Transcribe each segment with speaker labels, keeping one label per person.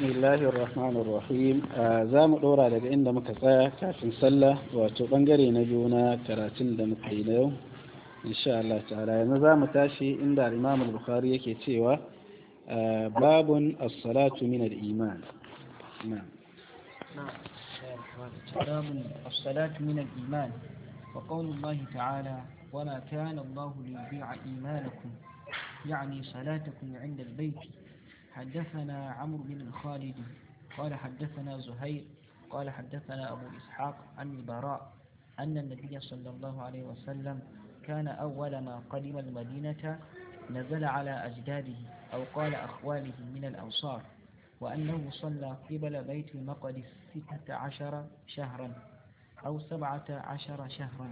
Speaker 1: bismillahi rahmanir rahim za mu ɗora daga inda muka tsaya kafin sallah wato ɓangare na biyu na karatun da muka yi na yau insha Allah ta'ala yanzu za mu tashi inda imam bukhari yake cewa babun as-salatu min al-iman na'am
Speaker 2: باب الصلاة من الإيمان وقول الله تعالى وما كان الله ليضيع إيمانكم يعني صلاتكم عند البيت حدثنا عمرو بن خالد قال حدثنا زهير قال حدثنا أبو إسحاق عن البراء أن النبي صلى الله عليه وسلم كان أول ما قدم المدينة نزل على أجداده أو قال أخواله من الأنصار وأنه صلى قبل بيت المقدس ستة عشر شهرا أو سبعة عشر شهرا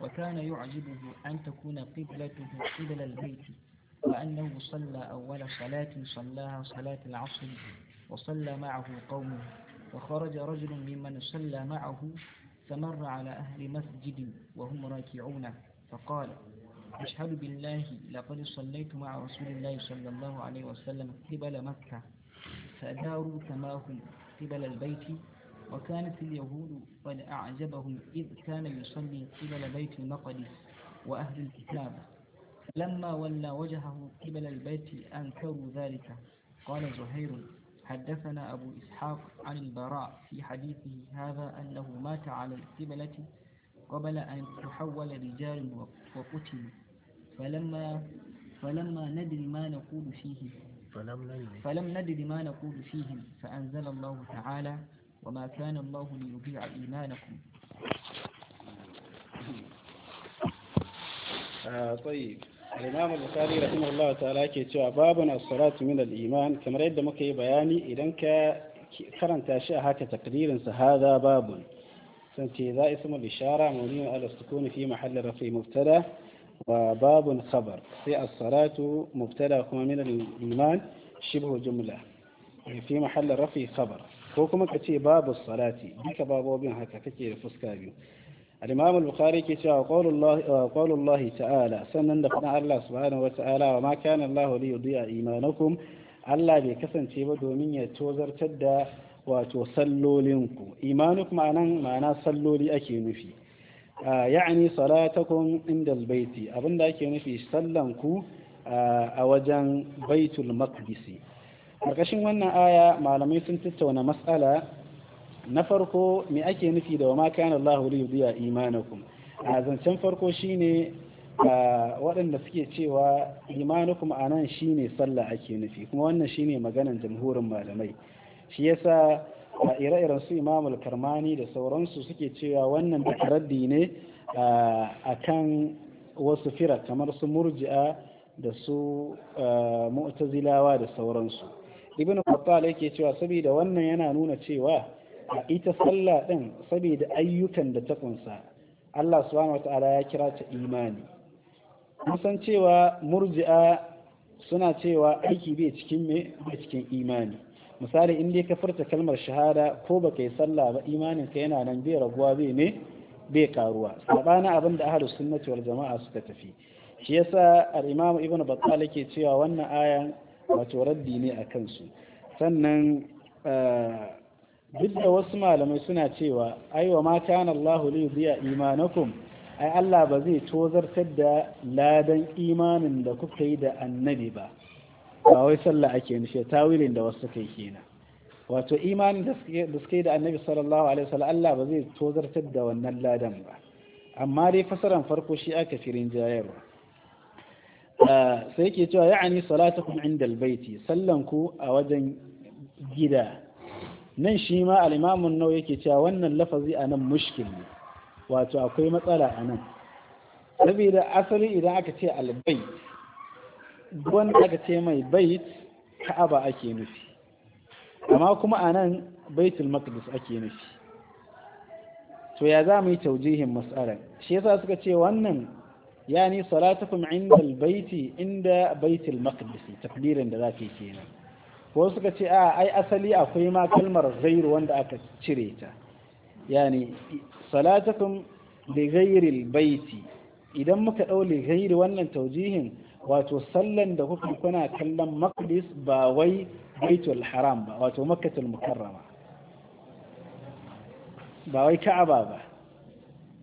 Speaker 2: وكان يعجبه أن تكون قبلته قبل البيت وأنه صلى أول صلاة صلاها صلاة العصر وصلى معه قومه وخرج رجل ممن صلى معه فمر على أهل مسجد وهم راكعون فقال أشهد بالله لقد صليت مع رسول الله صلى الله عليه وسلم قبل مكة فداروا سماهم قبل البيت وكانت اليهود قد أعجبهم إذ كان يصلي قبل بيت المقدس وأهل الكتاب لما ولى وجهه قبل البيت أنكروا ذلك قال زهير حدثنا أبو إسحاق عن البراء في حديثه هذا أنه مات على القبلة قبل أن تحول رجال وقتلوا فلما فلما ندري ما نقول فيه فلم ندري ما نقول فيهم فأنزل الله تعالى وما كان الله ليضيع إيمانكم
Speaker 1: آه طيب الإمام البخاري رحمه الله تعالى كيتوا باب الصلاة من الإيمان كما رأيت مكي بياني إذا ك كرن تاشا هك تقدير هذا باب سنتي ذا اسم الإشارة مبني على السكون في محل رفع مبتدا وباب خبر في الصلاة مبتدا كما من الإيمان شبه جملة يعني في محل رفع خبر كوكما كتي باب الصلاة بك باب وبين هكا كتي فسكابيو al-imam al-bukhari ke cewa qaulullahi ta'ala sannan da faɗin Allah subhanahu wa ta'ala wa ma kana Allah li yudi'a imanakum Allah bai kasance ba domin ya tozartar da wato sallolinku imanukum anan ma'ana salloli ake nufi ya'ani salatakum inda albayti abinda ake nufi sallanku a wajen baitul maqdisi karkashin wannan aya malamai sun tattauna matsala na farko me ake nufi da wa ma kana Allah wuri yudhi'a imanakum a zancen farko shine waɗanda suke cewa imanakum a nan shine sallah ake nufi kuma wannan shine maganan jamhurin malamai shi yasa a ire-iren su imamul karmani da sauransu suke cewa wannan takaradi ne a kan wasu fira kamar su murji'a da su mu'tazilawa da sauransu ibn Qattal yake cewa saboda wannan yana nuna cewa a ita sallah ɗin saboda ayyukan da ta kunsa Allah subhanahu wata'ala ya kira ta imani san cewa murji'a suna cewa aiki bai cikin me bai cikin imani misali in dai ka furta kalmar shahada ko baka yi sallah ba imanin ka yana nan bai raguwa bai ne bai karuwa sabana abin da ahlus sunnati wal jama'a suka tafi shi yasa al-imam ibn battal yake cewa wannan ayan wato raddi ne akan su sannan eh, duk da wasu malamai suna cewa ai wa ma kana Allahu li yudhi'a imanakum ai Allah ba zai tozartar da ladan imanin da kuka yi da annabi ba ba wai sallah ake nufi tawilin da wasu kai kenan wato imanin da suka yi da annabi sallallahu alaihi wasallam Allah ba zai tozartar da wannan ladan ba amma dai fasaran farko shi aka firin jayarwa ah, sai yake cewa ya'ani salatukum inda albayti sallan ku a wajen gida nan shi ma alimamun nau yake cewa wannan lafazi a nan mushkil ne wato akwai matsala a nan saboda asali idan aka ce albait wanda aka ce mai bait ka'aba ake nufi amma kuma a nan baitul maqdis ake nufi to ya za mu yi taujihin mas'alar shi yasa suka ce wannan yani salatukum inda baiti inda baitul maqdis takdirin da zaka yi kenan ko suka ce a ai asali akwai ma kalmar ghairu wanda aka cire ta yani salatakum li ghairi baiti idan muka dau li ghairi wannan taujihin wato sallan da kuka kuna kallon maqdis ba wai baitul haram ba wato makkatul mukarrama ba wai ka'aba ba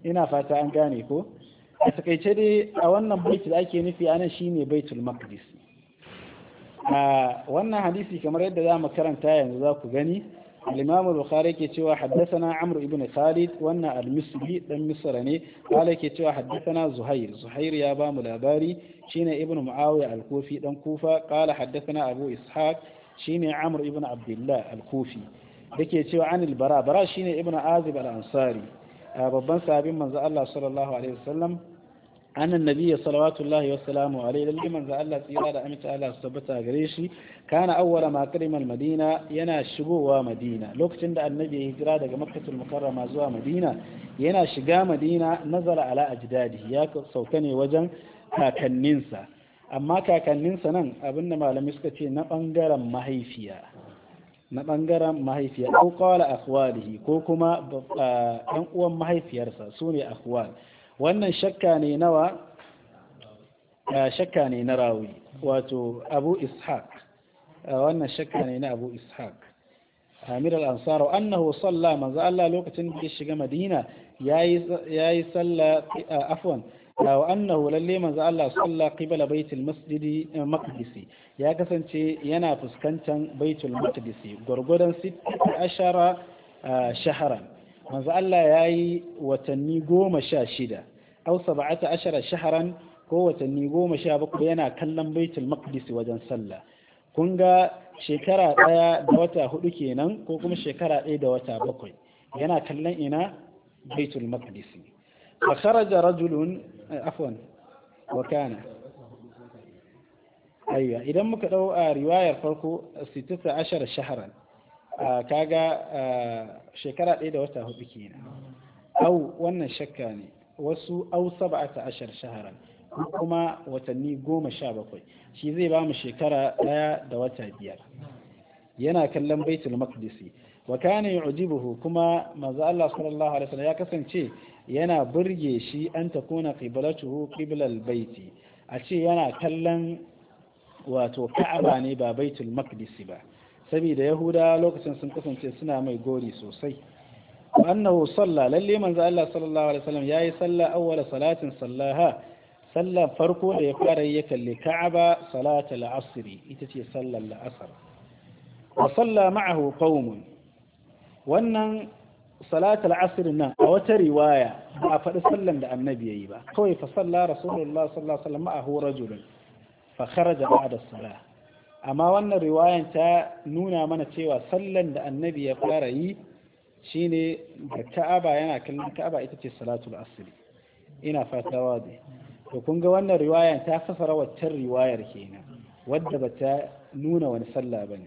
Speaker 1: ina fata an gane ko a takaice dai a wannan baiti da ake nufi anan shine baitul maqdis a wannan hadisi kamar yadda za mu karanta yanzu za ku gani al-imam al-bukhari yake cewa hadathana amr ibn khalid wannan al-misri dan misra ne wala yake cewa hadathana zuhair zuhair ya bamu labari shi ibn muawiya al-kufi dan kufa qala hadathana abu ishaq shine amr ibn abdullah al-kufi yake cewa an al-barabara shine ibnu azib al-ansari babban sahabin manzo allah sallallahu alaihi wasallam an annabiya salawatullahi wa salamu alaihi lalle manzo Allah tsira da amince Allah su tabbata gare shi kana awwala ma karimal madina yana shigowa madina lokacin da annabi ya hijira daga makkatul mukarrama zuwa madina yana shiga madina nazara ala ajdadi ya sauka ne wajen kakanninsa amma kakanninsa nan abinda malami suka ce na bangaren mahaifiya na bangaren mahaifiya ko qala ko kuma dan uwan mahaifiyarsa sune akhwal wannan shakka ne nawa ah, shakka ne na rawi wato abu ishaq ah, wannan shakka ne na abu ishaq amir ah, al-ansar annahu salla manzo Allah lokacin da ya shiga madina yayi yayi salla afwan wa annahu lalle manzo Allah salla qibla baitul masjid maqdisi ya kasance yana fuskantar baitul maqdisi gurgudan 16 shahran manzo Allah ya yi watanni goma sha shida au saba'ata ashara shaharan ko watanni goma sha bakwai yana kallon baitul maqdis wajen sallah kun ga shekara ɗaya da wata hudu kenan ko kuma shekara ɗaya da wata bakwai yana kallon ina baitul maqdis fa kharaja rajulun eh, afwan wa kana ayya idan muka dau a ah, riwayar farko 16 shaharan kaga shekara ɗaya da wata hudu kenan au wannan shakka ne wasu au saba'ata ashar shaharan kuma watanni goma sha bakwai shi zai ba mu shekara ɗaya da wata biyar yana kallon baitul maqdisi wa kana yu'jibuhu kuma manzo Allah sallallahu alaihi wasallam ya kasance yana burge shi an takuna qiblatuhu qiblal baiti a ce yana kallon wato ka'aba ne ba baitul maqdisi ba saboda yahuda lokacin sun kasance suna mai gori sosai annahu salla lalle manzo Allah sallallahu alaihi wasallam yayi salla awwala salatin sallaha salla farko da ya fara ya kalli Ka'aba salatul asr ita ce sallar la'asar wa salla ma'ahu qaumun wannan salatul asr nan a wata riwaya ba a faɗi sallan da annabi yayi ba kawai fa salla rasulullah sallallahu alaihi wasallam ma'ahu rajulun fa kharaja ba'da salah amma wannan riwayan ta nuna mana cewa sallan da annabi ya fara yi shine da ka'aba yana kallon ka'aba ita ce salatul asri ina fata wazi to kun ga wannan riwayan ta fasara waccan riwayar kenan wadda ba ta nuna wani sallah bane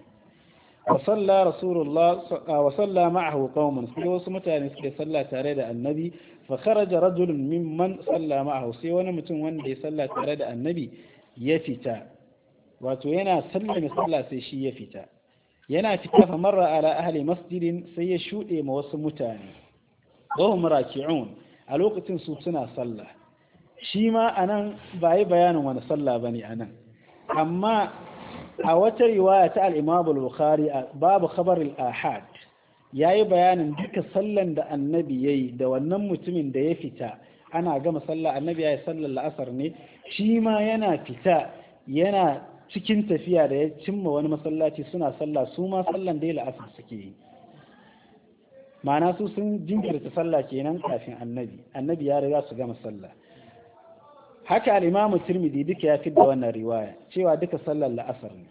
Speaker 1: wa salla rasulullah wa salla ma'ahu qaumun sai wasu mutane suke salla tare da annabi fa kharaja rajulun mimman salla ma'ahu sai wani mutum wanda ya salla tare da annabi ya fita wato yana sallame sallah sai shi ya fita yana fita fa marra ala ahli masjidin sai ya shuɗe ma wasu mutane wahum raki'un a lokacin su suna sallah shi ma anan ba yi bayanin wani sallah bane anan amma a wata riwaya ta al-Imam al-Bukhari babu khabar al-Ahad yayi bayanin duka sallan da annabi yayi da wannan mutumin da ya fita ana gama sallah annabi yayi sallar la'asar ne shi ma yana fita yana cikin tafiya da ya cimma wani masallaci suna sallah su ma sallan dai la'asar suke yi ma'ana su sun jinkirta sallah kenan kafin annabi annabi ya riga su gama sallah haka al'imamu turmidi duka ya fi da wannan riwaya cewa duka sallar la'asar ne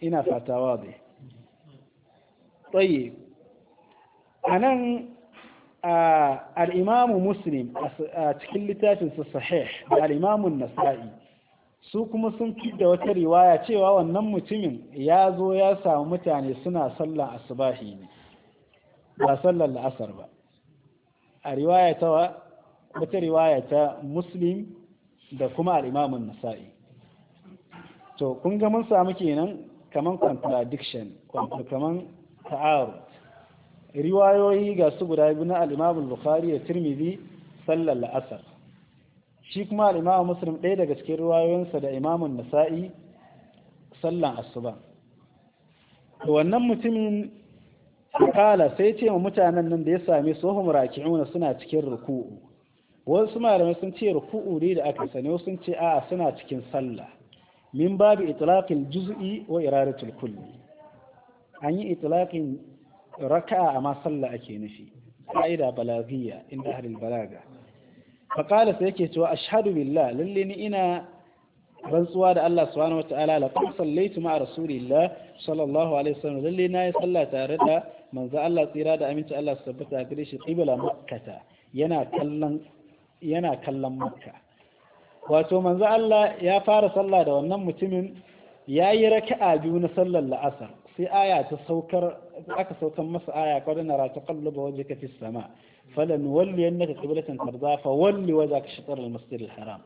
Speaker 1: ina fatawa bai tsaye a nan al'imamu muslim a cikin littafinsa sahih da al'imamun nasa'i su kuma sun fi da wata riwaya cewa wannan mutumin ya zo ya samu mutane suna sallar asubahi ne ba sallar la'asar ba a riwaya ta wata riwaya ta muslim da kuma al'imamun nasa'i to kun ga mun samu kenan kaman contradiction kaman ta'aru riwayoyi ga su guda biyu na al'imamun bukhari da tirmidhi sallar la'asar shi kuma al-imamu muslim ɗaya daga cikin ruwayoyinsa da imamun nasa'i sallan asuba wannan mutumin kala sai ce ma mutanen nan da ya sami tsohon raki'u raki'una suna cikin ruku'u wasu malamai sun ce ruku'u ne da aka sani sun ce a'a suna cikin sallah min babu itlaqil juz'i wa iradatul kulli an yi itlaqin raka'a amma sallah ake nufi ƙa'ida balagiyya inda ahlul balaga faƙala sai yake cewa ashhadu billah lalle ni ina rantsuwa da Allah subhanahu wataala la qad sallaitu ma'a rasulillah sallallahu alaihi wasallam lalle na yi sallah tare da manzo Allah tsira da aminci Allah su tabbata gare shi qibla makkata yana kallon yana makka wato manzo Allah ya fara sallah da wannan mutumin ya yayi raka'a biyu na sallar la'asar sai aya ta saukar aka saukar masa aya qad nara taqalluba wajhaka fis sama' falan walli yannaka qiblatan tarza fa walli wa zaka shatr al masjid al haram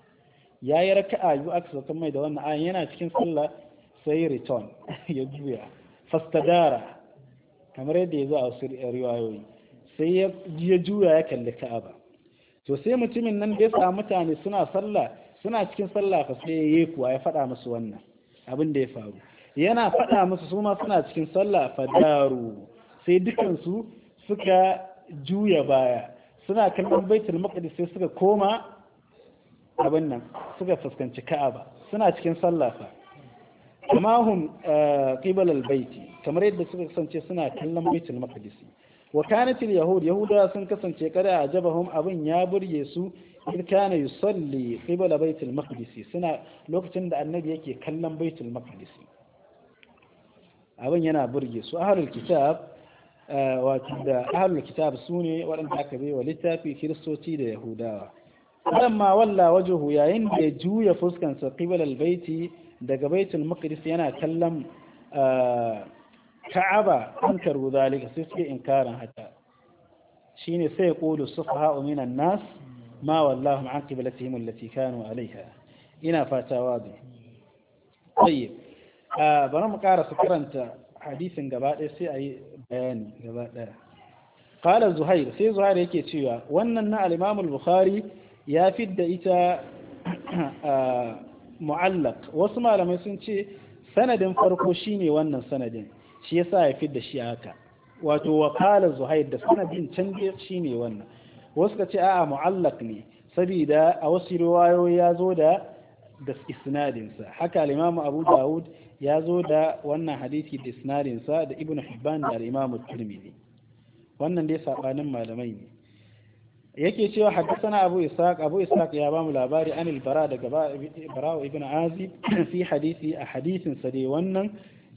Speaker 1: yayi raka'a yu aksa kan mai da wannan ayan yana cikin sallah sai return ya juya fastadara kamar yadda yazo a wasu riwayoyi sai ya ya juya ya kalli ka'aba to sai mutumin nan da ya mutane suna sallah suna cikin sallah fa sai yayi kuwa ya fada musu wannan abin da ya faru yana faɗa musu su suna cikin sallah fa sai dukansu suka juya baya suna kallon baitul maqdis sai suka koma abin nan suka fuskanci ka'aba suna cikin sallah fa amma hum eh, qibal baiti kamar yadda suka kasance suna kallon baitul maqdis wa kanat yahud yahuda sun kasance kada ajabahum abin ya burge su in kana yusalli qibal baitul maqdis suna lokacin da annabi yake kallon baitul maqdis abin yana burge su ahlul kitab Eh, wato da ahlul kitab su ne waɗanda aka bai wa littafi kiristoci da yahudawa ma walla wajahu yayin da juya fuskansa qibal albayti daga baitul maqdis yana kallon eh, ka'aba an karu zalika sai suke inkarin haka shine sai qulu sufaha minan nas ma wallahu an qiblatihim allati kanu alaiha ina fata wazi tayyib eh, bari mu karasa karanta hadisin gaba ɗaya sai a yi ɗaya ne gaba ɗaya qala zuhair sai zuhair yake cewa wannan na al-imam al-bukhari ya fidda ita mu'allaq wasu malamai sun ce sanadin farko shine wannan sanadin shi yasa ya fidda shi haka wato wa qala zuhair da sanadin can shine wannan wasu ka ce a'a mu'allaq ne saboda a wasu riwayoyi ya zo da da isnadinsa haka al-imam abu dawud ya zo da wannan hadisi da sinarinsa da ibn hibban da al-imam wannan dai sabanin malamai ne yake cewa haddathana abu ishaq abu ishaq ya bamu labari an bara daga bara ibn azib fi hadisi a hadisinsa sa dai wannan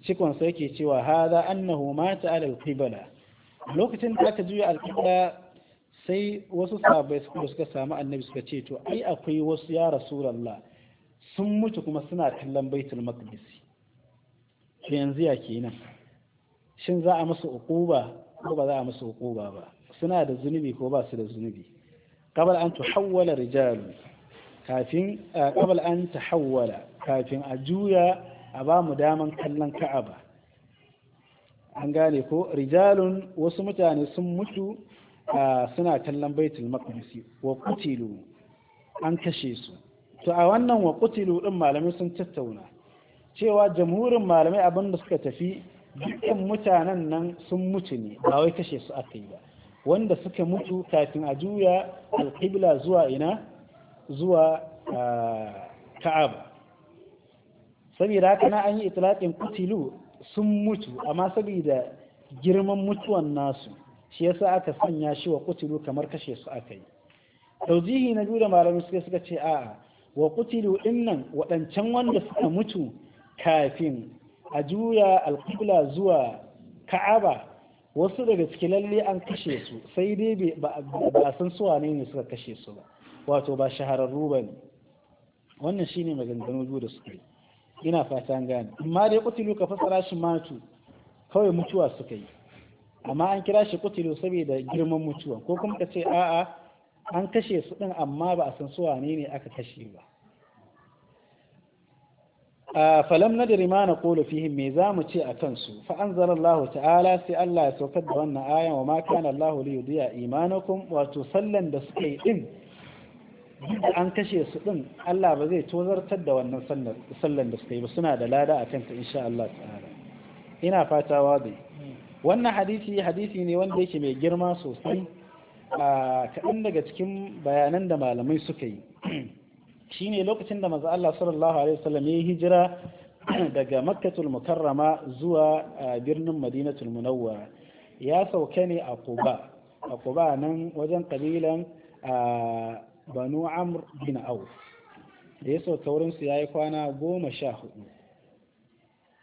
Speaker 1: cikonsa yake cewa hadha annahu mata ala al lokacin da aka juya al sai wasu sahabbai suka samu annabi suka ce to ai akwai wasu ya rasulullah sun mutu kuma suna kallon baitul maqdis to yanzu ya kenan shin za a musu uquba ko ba za a musu uquba ba suna da zunubi ko ba su da zunubi qabla an tuhawwala rijal kafin qabla an tahawwala kafin a juya a ba mu daman kallon ka'aba an gane ko rijalun wasu mutane sun mutu suna kallon baitul maqdis wa qutilu an kashe su to a wannan wa qutilu din malamai sun tattauna cewa jamhurin malamai abinda banda suka tafi dukkan mutanen nan sun mutu ne ba wai kashe su aka yi ba wanda suka mutu kafin a juya alƙibla zuwa ina zuwa ka'aba saboda haka na an yi itilaƙin kutilu sun mutu amma saboda girman mutuwan nasu shi yasa aka sanya shi wa kutilu kamar kashe su aka yi taujihi na biyu da malamai suka suka ce a'a wa kutilu nan waɗancan wanda suka mutu kafin a juya alƙibla zuwa ka'aba wasu daga cikin lalle an kashe su sai dai ba a san suwa ne suka kashe su ba wato ba shahararru ba ne wannan shine maganganu biyu da suka yi ina fatan gane amma dai kutilu ka fasara shi matu kawai mutuwa suka yi amma an kira shi kutilu saboda girman mutuwa ko kuma ka ce a'a an kashe su din amma ba a san suwa ne aka kashe ba falam na da ma na kolo fihim me za mu ce a kansu fa an zara Allah ta'ala sai Allah ya saukar da wannan ayan wa ma kana Allah li yudiya imanakum wato sallan da suka yi din an kashe su din Allah ba zai tozartar da wannan sallan da suka ba suna da lada a kanta insha Allah ta'ala ina fata wadi wannan hadisi hadisi ne wanda yake mai girma sosai a kaɗan daga cikin bayanan da malamai suka yi Shi ne lokacin da manzo Allah sallallahu alaihi wasallam ya hijira daga makkatul mukarrama zuwa birnin madinatul munawwara ya sauke ne a quba a quba nan wajen kabilan banu amr bin auf da ya sauka wurin su yayi kwana goma sha hudu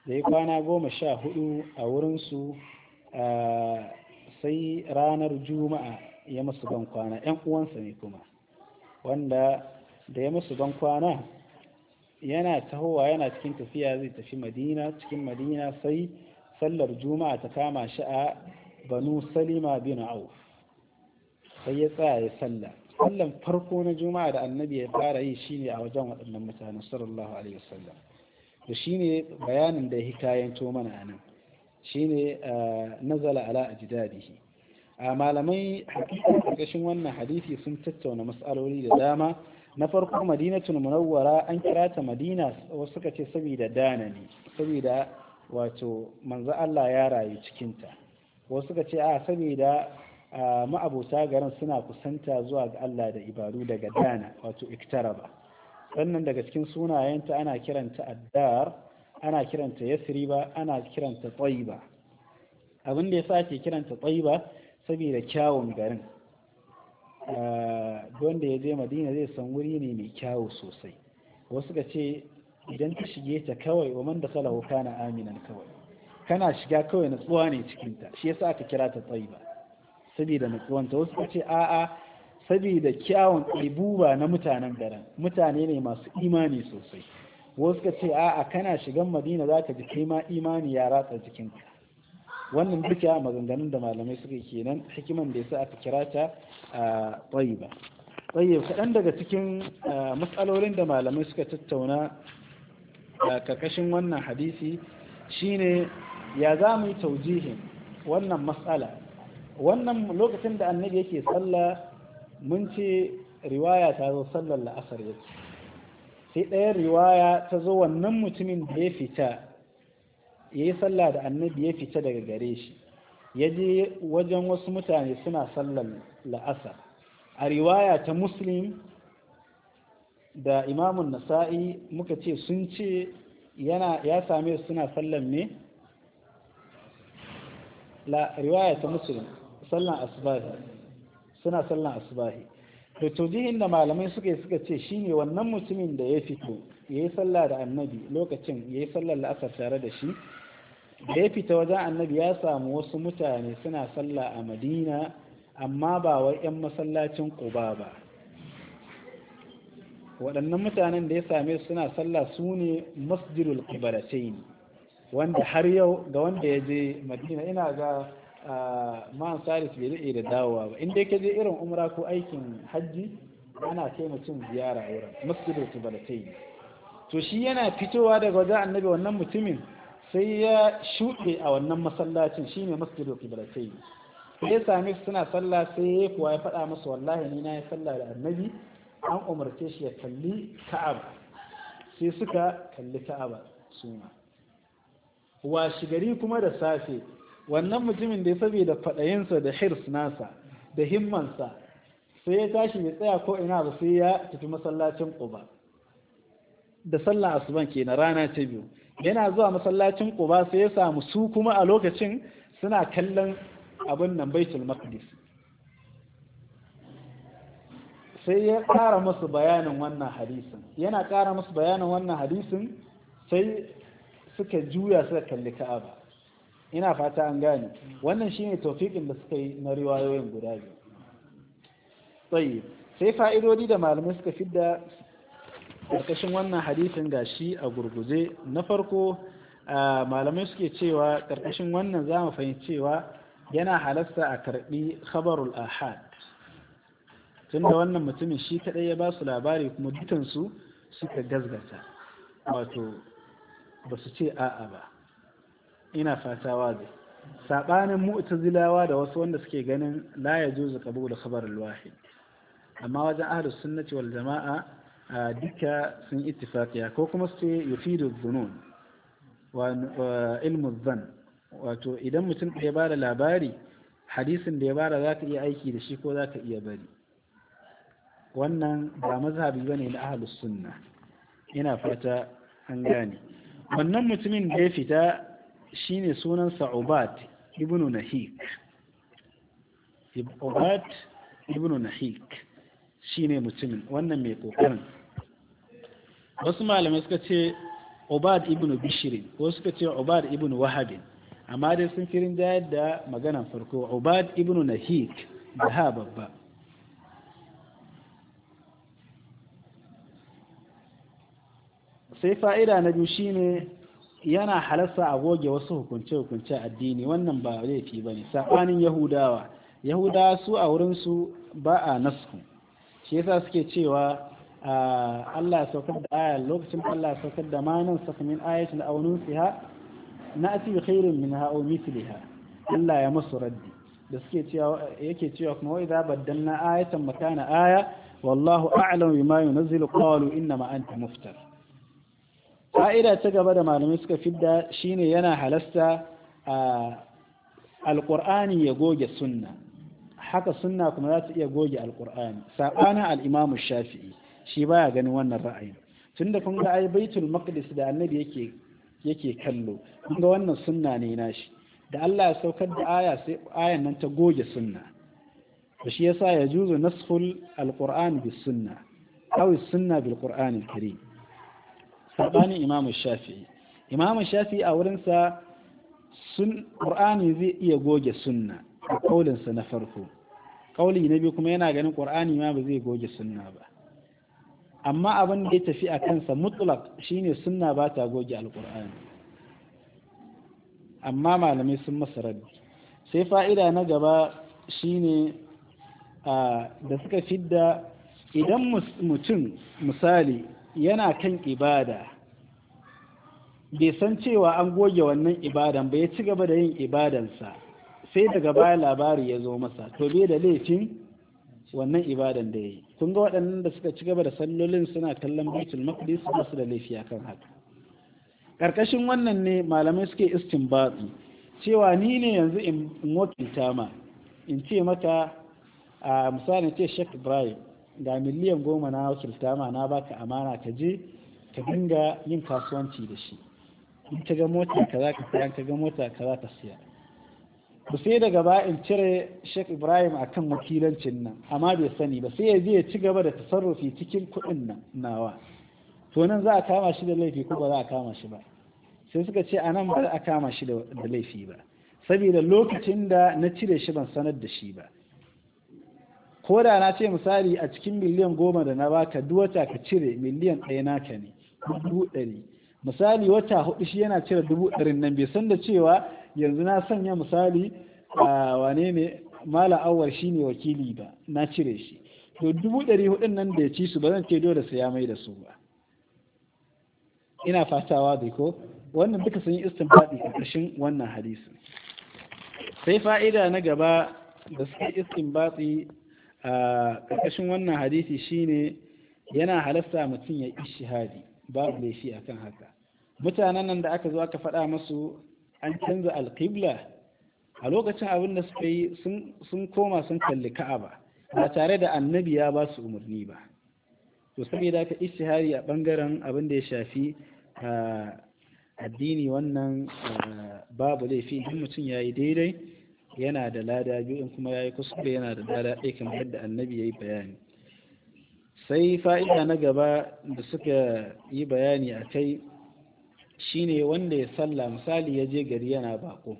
Speaker 1: da ya kwana goma sha hudu a wurin su sai ranar juma'a ya masu ban kwana yan uwansa ne kuma wanda da ya musu ban kwana yana tahowa yana cikin tafiya zai tafi madina cikin madina sai sallar juma'a ta kama shi a banu salima bin auf sai ya tsaya ya salla sallan farko na juma'a da annabi ya fara yi shine a wajen waɗannan mutane sallallahu alaihi wasallam da shine bayanin da ya hikayanto mana anan shine eh, nazala ala ajdadihi a malamai hakikar ƙarƙashin wannan hadisi sun tattauna mas'aloli da dama na farko madinatul munawwara an kira ta madina wasu suka ce saboda dana ne saboda wato manzo Allah ya rayu cikin ta wasu suka ce a saboda ma'abota garin suna kusanta zuwa ga Allah da ibadu daga dana wato iktaraba sannan daga cikin sunayenta ana kiranta addar ana kiranta yasriba ana kiranta tsayiba abin da ya sa ake kiranta tsayiba saboda kyawun garin wanda ya je madina zai san wuri ne mai kyawu sosai wasu ka ce idan ka shige ta kawai wa man da kalahu kana aminan kawai kana shiga kawai natsuwa ne cikinta shi yasa aka kira ta tsayiba saboda natsuwanta wasu ka ce a'a saboda kyawun ɗaibuba na mutanen garin mutane ne masu imani sosai wasu ka ce a'a kana shigan madina za ka ji kai ma imani ya ratsa jikinka
Speaker 2: wannan duka
Speaker 1: maganganun da malamai suka kenan hikiman da yasa aka kira ta tayyiba tayyib kaɗan daga cikin matsalolin da malamai suka tattauna kakashin wannan hadisi shine ya za mu yi taujihin wannan matsala wannan lokacin da annabi yake sallah mun ce riwaya ta zo sallar la'asar yake sai ɗayan riwaya ta zo wannan mutumin da ya fita ya yi sallah da annabi ya fita daga gare shi ya je wajen wasu mutane suna sallar la'asar a riwaya ta muslim da imamun nasa'i muka ce sun ce yana ya same su suna sallar ne la riwaya ta muslim sallan asbahi suna sallan asbahi da tujihin da malamai suka yi suka ce shine wannan mutumin da ya fito ya yi sallah da annabi lokacin ya yi sallar la'asar tare da shi da ya fita wajen annabi ya samu wasu mutane suna sallah a madina amma ba wai 'yan masallacin ƙuba ba waɗannan mutanen da ya same su suna sallah su ne masjidul ƙibaratai wanda har yau ga wanda ya je madina ina ga ma'an salis bai da dawowa ba inda ka je irin umra ko aikin hajji ana kai mutum ziyara wurin masjidul ƙibaratai to shi yana fitowa daga wajen annabi wannan mutumin sai ya shuɗe a wannan masallacin shi shine masjidul qiblatain sai ya sami suna sallah sai ya kuwa ya faɗa musu wallahi ni na yi sallah da annabi an umarce shi ya kalli ka'aba sai suka kalli ka'aba suma wa gari kuma da safe wannan mutumin da ya saboda faɗayinsa da hirs nasa da himmansa sai ya tashi mai tsaya ko ina ba sai ya tafi masallacin ƙuba da sallah asuban ke na rana ta biyu yana zuwa masallacin Quba sai ya samu su kuma a lokacin suna kallon abin nan Baitul Maqdis sai ya ƙara musu bayanin wannan hadisin yana ƙara musu bayanin wannan hadisin sai suka juya suka kalli Ka'aba ina fata an gane wannan shine tawfiqin da suka yi na riwayoyin guda biyu sai fa'idodi da malamai suka fidda ƙarƙashin wannan hadisin gashi a gurguje na farko malamai suke cewa ƙarƙashin wannan za mu fahimci cewa yana halasta a karɓi khabarul ahad tunda wannan mutumin shi kaɗai ya ba su labari kuma dukansu suka gazgata wato ba su ce a'a ba ina fata wazi saɓanin mu'tazilawa da wasu wanda suke ganin la ya juzu qabul wahid amma wajen ahlus sunnati wal jama'a duka sun ittifaqiya ko kuma su yufidu dhunun wa ilmu wato idan mutum ya bada labari hadisin da ya bada zaka iya aiki da shi ko zaka iya bari wannan ba mazhabi bane na ahlus sunna ina fata an gane wannan mutumin da ya fita shine sunan sa'ubat ibnu nahik ibnu nahik Shi ne mutumin wannan mai kokarin wasu malamai suka ce Obad ibn Bishirin ko suka ce Obad ibn Wahabin amma dai sun firin jayar da maganan farko Obad ibn Nahik da ha babba sai fa'ida na biyu shine yana halasta a goge wasu hukunce-hukunce addini wannan ba laifi ba ne saɓanin yahudawa yahudawa su a wurinsu ba a nasku shi yasa suke cewa ah, Allah ya saukar da aya lokacin Allah ya saukar da manan sakamin ayatul aunun siha na ati khairin min ha'u mithliha Allah ya musu raddi da suke cewa yake cewa kuma wai za baddalna ayatan makana aya wallahu a'lam bima yunzilu qalu inna ma anta muftar fa'ida ta gaba da malamai suka fidda shine yana halasta ah, alqur'ani ya goge sunna haka sunna kuma za ta iya goge alkur'ani sabana al-imam shafi'i shi baya ganin wannan ra'ayin tunda kun ga ai baitul maqdis da annabi yake yake kallo kun ga wannan sunna ne nashi da Allah ya saukar da aya sai ayan nan ta goge sunna to shi yasa ya juzu nasful alqur'ani bis sunna aw sunna bil qur'ani karim sabanin imam shafi'i imam shafi'i a sa sun qur'ani zai iya goge sunna a kaulinsa na farko kauli na biyu kuma yana ganin qur'ani ma ba zai goge sunna ba amma abin da ya tafi a kansa mutlak shine sunna ba ta goge alqur'ani amma malamai sun masa rabbi sai fa'ida na gaba shine da suka fidda idan mutum misali yana kan ibada bai san cewa an goge wannan ibadan ba ya ci gaba da yin ibadansa sai daga baya labari ya zo masa to be da laifin wannan ibadan da ya yi kun ga waɗannan da suka ci gaba da sallolin suna kallon baitul maqdis ba su da laifi akan haka karkashin wannan ne malamai suke istinbatu cewa ni ne yanzu in wakilta ma in ce maka a misali ce Sheikh Ibrahim ga miliyan goma na wakilta ma na baka amana ka je ka dinga yin kasuwanci da shi in ka ga mota kaza ka siya ka ga mota kaza ka siya ku sai daga ba in cire Sheikh Ibrahim akan wakilancin nan amma bai sani ba sai ya je ya ci gaba da tasarrufi cikin kuɗin nan nawa to nan za a kama shi da laifi ko ba za a kama shi ba sai suka ce a nan ba za a kama shi da laifi ba saboda lokacin da na cire shi ban sanar da shi ba ko da na ce misali a cikin miliyan goma da na baka duwata ka cire miliyan ɗaya naka ne dubu ɗari misali wata hudu shi yana cire dubu ɗarin nan bai san da cewa yanzu na sanya misali a wane ne mala awar shi ne wakili ba na cire shi to dubu ɗari hudun nan da ya ci su ba zan ce dole sai ya mai da su ba ina fatawa bai ko wannan duka sun yi istinbadi a ƙarshen wannan hadisi sai fa'ida na gaba da suka istinbadi a ƙarƙashin wannan hadisi shine yana halasta mutum ya ishihadi babu laifi akan haka mutanen nan da aka zo aka faɗa masu an canza alƙibla a lokacin abin da suka yi sun koma sun kalli ka'aba ba tare da annabi ya ba su umarni ba to saboda ka ishihari a bangaren abin da ya shafi addini wannan babu laifi idan mutum ya yi daidai yana da lada biyu in kuma ya yi kuskure yana da lada ɗaya kamar yadda annabi ya yi bayani sai fa'ida na gaba da suka yi bayani a kai shine wanda ya salla misali ya je gari yana bako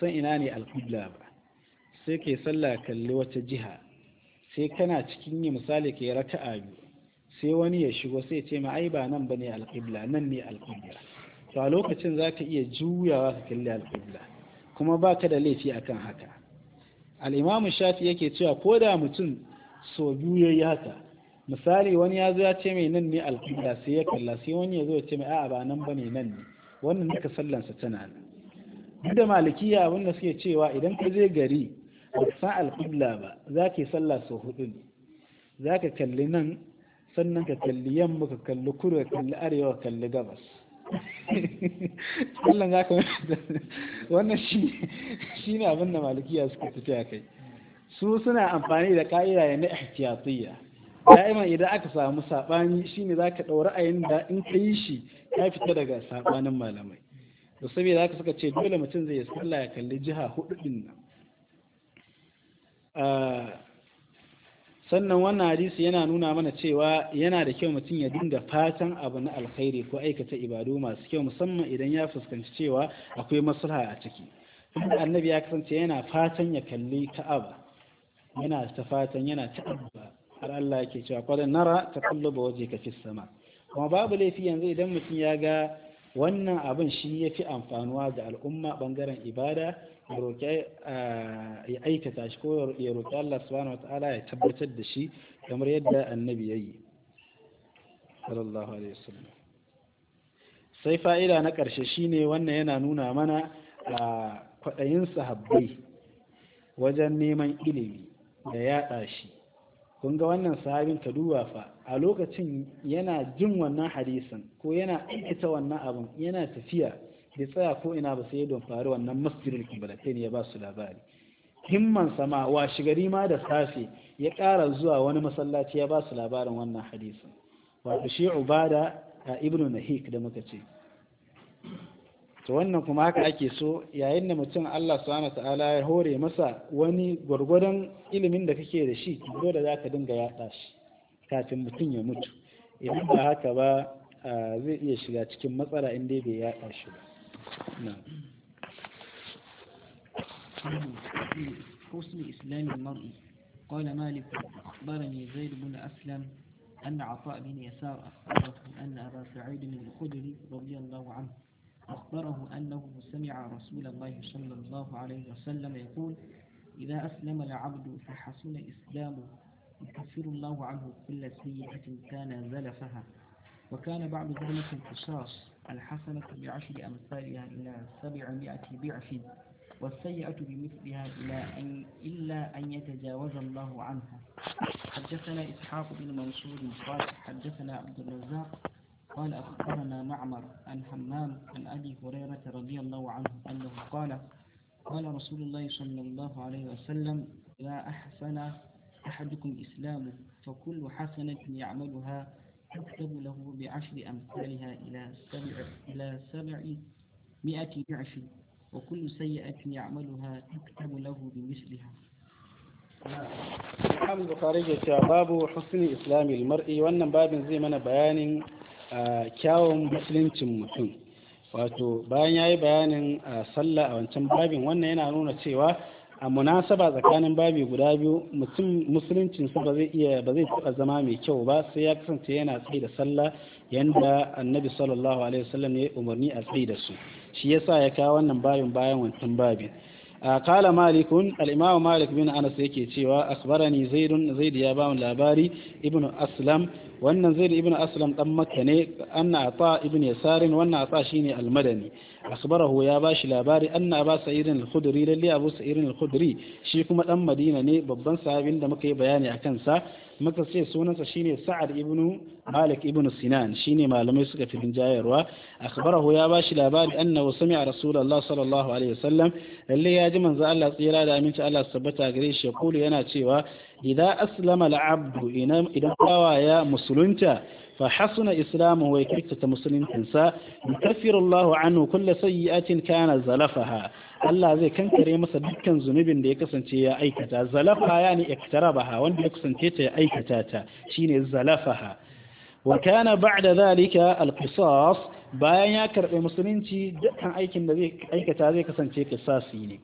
Speaker 1: san ina ne alƙibla ba sai ke salla kalli wata jiha sai kana cikin yi misali ke raka'a biyu sai wani ya shigo sai ce ma ai ba nan ba ne alƙibla nan ne alƙibla to a lokacin za ka iya juyawa ka kalli alƙibla kuma ba ka da laifi akan haka al'imamu shafi yake cewa ko da mutum so biyu ya yi haka misali wani ya zo ya ce mai nan ne alhamda sai ya kalla sai wani ya zo ya ce mai a'a ba nan bane nan ne wannan sallan sallansa tana nan duk da malikiya abin da suke cewa idan ka je gari ba ka san alqibla ba za ka yi sallah sau hudu ne za ka kalli nan sannan ka kalli yamma ka kalli kudu ka kalli arewa ka kalli gabas sallan za ka wannan shi ne abin da malikiya suka tafi a kai su suna amfani da ka'ida ne na ihtiyatiyya da'ima idan aka samu saɓani shine za ka ɗau ra'ayin da in ka yi shi ya fita daga saɓanin malamai da saboda haka suka ce dole mutum zai salla ya kalli jiha hudu din nan ah, sannan wannan hadisi yana nuna mana cewa yana da kyau mutum ya dinga fatan abu na alkhairi ko aikata ibadu masu kyau musamman idan ya fuskanci cewa akwai maslaha a ciki annabi ya kasance yana fatan ya kalli ka'aba yana ta fatan yana ta'aba. har Allah yake cewa qad nara waje wajhika fi sama kuma babu laifi yanzu idan mutum ya ga wannan abin shi yafi amfanuwa ga al'umma bangaren ibada ya aikata shi ko ya roƙi Allah subhanahu wataala ya tabbatar da shi kamar yadda annabi ya yi sallallahu alaihi wasallam sai fa'ida na ƙarshe shine wannan yana nuna mana a kwaɗayin sahabbai wajen neman ilimi da yaɗa shi kun ga wannan sahabin ka duba fa a lokacin yana jin wannan hadisin ko yana aikata wannan abin yana tafiya da tsaya ko ina ba sai don faru wannan masjidul ne ya ba su labari himman sama wa shigari ma da safe ya ƙara zuwa wani masallaci ya ba su labarin wannan hadisin wato shi ubada a ibnu nahik da muka ce to wannan kuma haka ake so yayin da mutum Allah subhanahu ta'ala ya hore masa wani gwargwadon ilimin da kake da shi kilo da zaka dinga yaɗa shi kafin mutum ya mutu idan ba haka ba zai iya shiga cikin matsala in dai bai yaɗa shi ba
Speaker 2: حسن إسلام المرء قال مالك أخبرني زيد بن أسلم أن عطاء بن يسار أخبرته أن أبا سعيد الخدري رضي الله عنه أخبره أنه سمع رسول الله صلى الله عليه وسلم يقول إذا أسلم العبد فحسن إسلامه يكفر الله عنه كل سيئة كان زلفها وكان بعد ذلك القصاص الحسنة بعشر أمثالها إلى سبعمائة بعث والسيئة بمثلها إلا أن إلا أن يتجاوز الله عنها حدثنا إسحاق بن منصور قال حدثنا عبد الرزاق قال أخبرنا معمر عن حمام عن أبي هريرة رضي الله عنه أنه قال قال رسول الله صلى الله عليه وسلم لا أحسن أحدكم إسلامه فكل حسنة يعملها تكتب له بعشر أمثالها إلى سبع إلى سبع مئة ضعف وكل سيئة يعملها تكتب له بمثلها
Speaker 1: الحمد لله ke cewa babu إسلام المرء mar'i باب زي من بيان A kyawun musuluncin mutum wato bayan ya yi bayanin a sallah a wancan babin wannan yana nuna cewa a munasaba tsakanin babi guda biyu mutum musuluncin su ba zai iya ba zai taɓa zama mai kyau ba sai ya kasance yana tsaye da sallah yadda annabi sallallahu alaihi wasallam ya yi umarni a tsaye da su shi yasa ya kawo wannan babin bayan wancan babin قال مالك الإمام مالك بن أنس يكي تيوا أخبرني زيد زيد يا بام لاباري ابن أسلم وأن زيد ابن أسلم أم مكة أن أعطى ابن يسار وأن أعطى شيني المدني asbarahu ya bashi labari anna ba sa'irin al-khudri lalle abu sa'irin al-khudri shi kuma dan madina ne babban sahabin da muka yi bayani akan sa muka ce sunansa shine sa'ad ibnu malik ibnu sinan shine malamai suka fi jayarwa akhbarahu ya bashi labari annahu sami'a rasulullah sallallahu alaihi wasallam lalle ya ji manzo Allah tsira da aminci Allah sabbata gare shi ya yana cewa idan aslama al-abdu idan bawa ya musulunta فحسن إسلامه ويكتة مسلم تنسى يكفر الله عنه كل سيئة كان زلفها Allah zai kankare masa dukkan zunubin da ya kasance ya aikata zalafa yani iktarabaha wanda ya kasance ta ya aikata ta shine zalafaha wa kana ba'da zalika alqisas bayan ya karbe musulunci dukan aikin da zai aikata zai kasance kisasi ne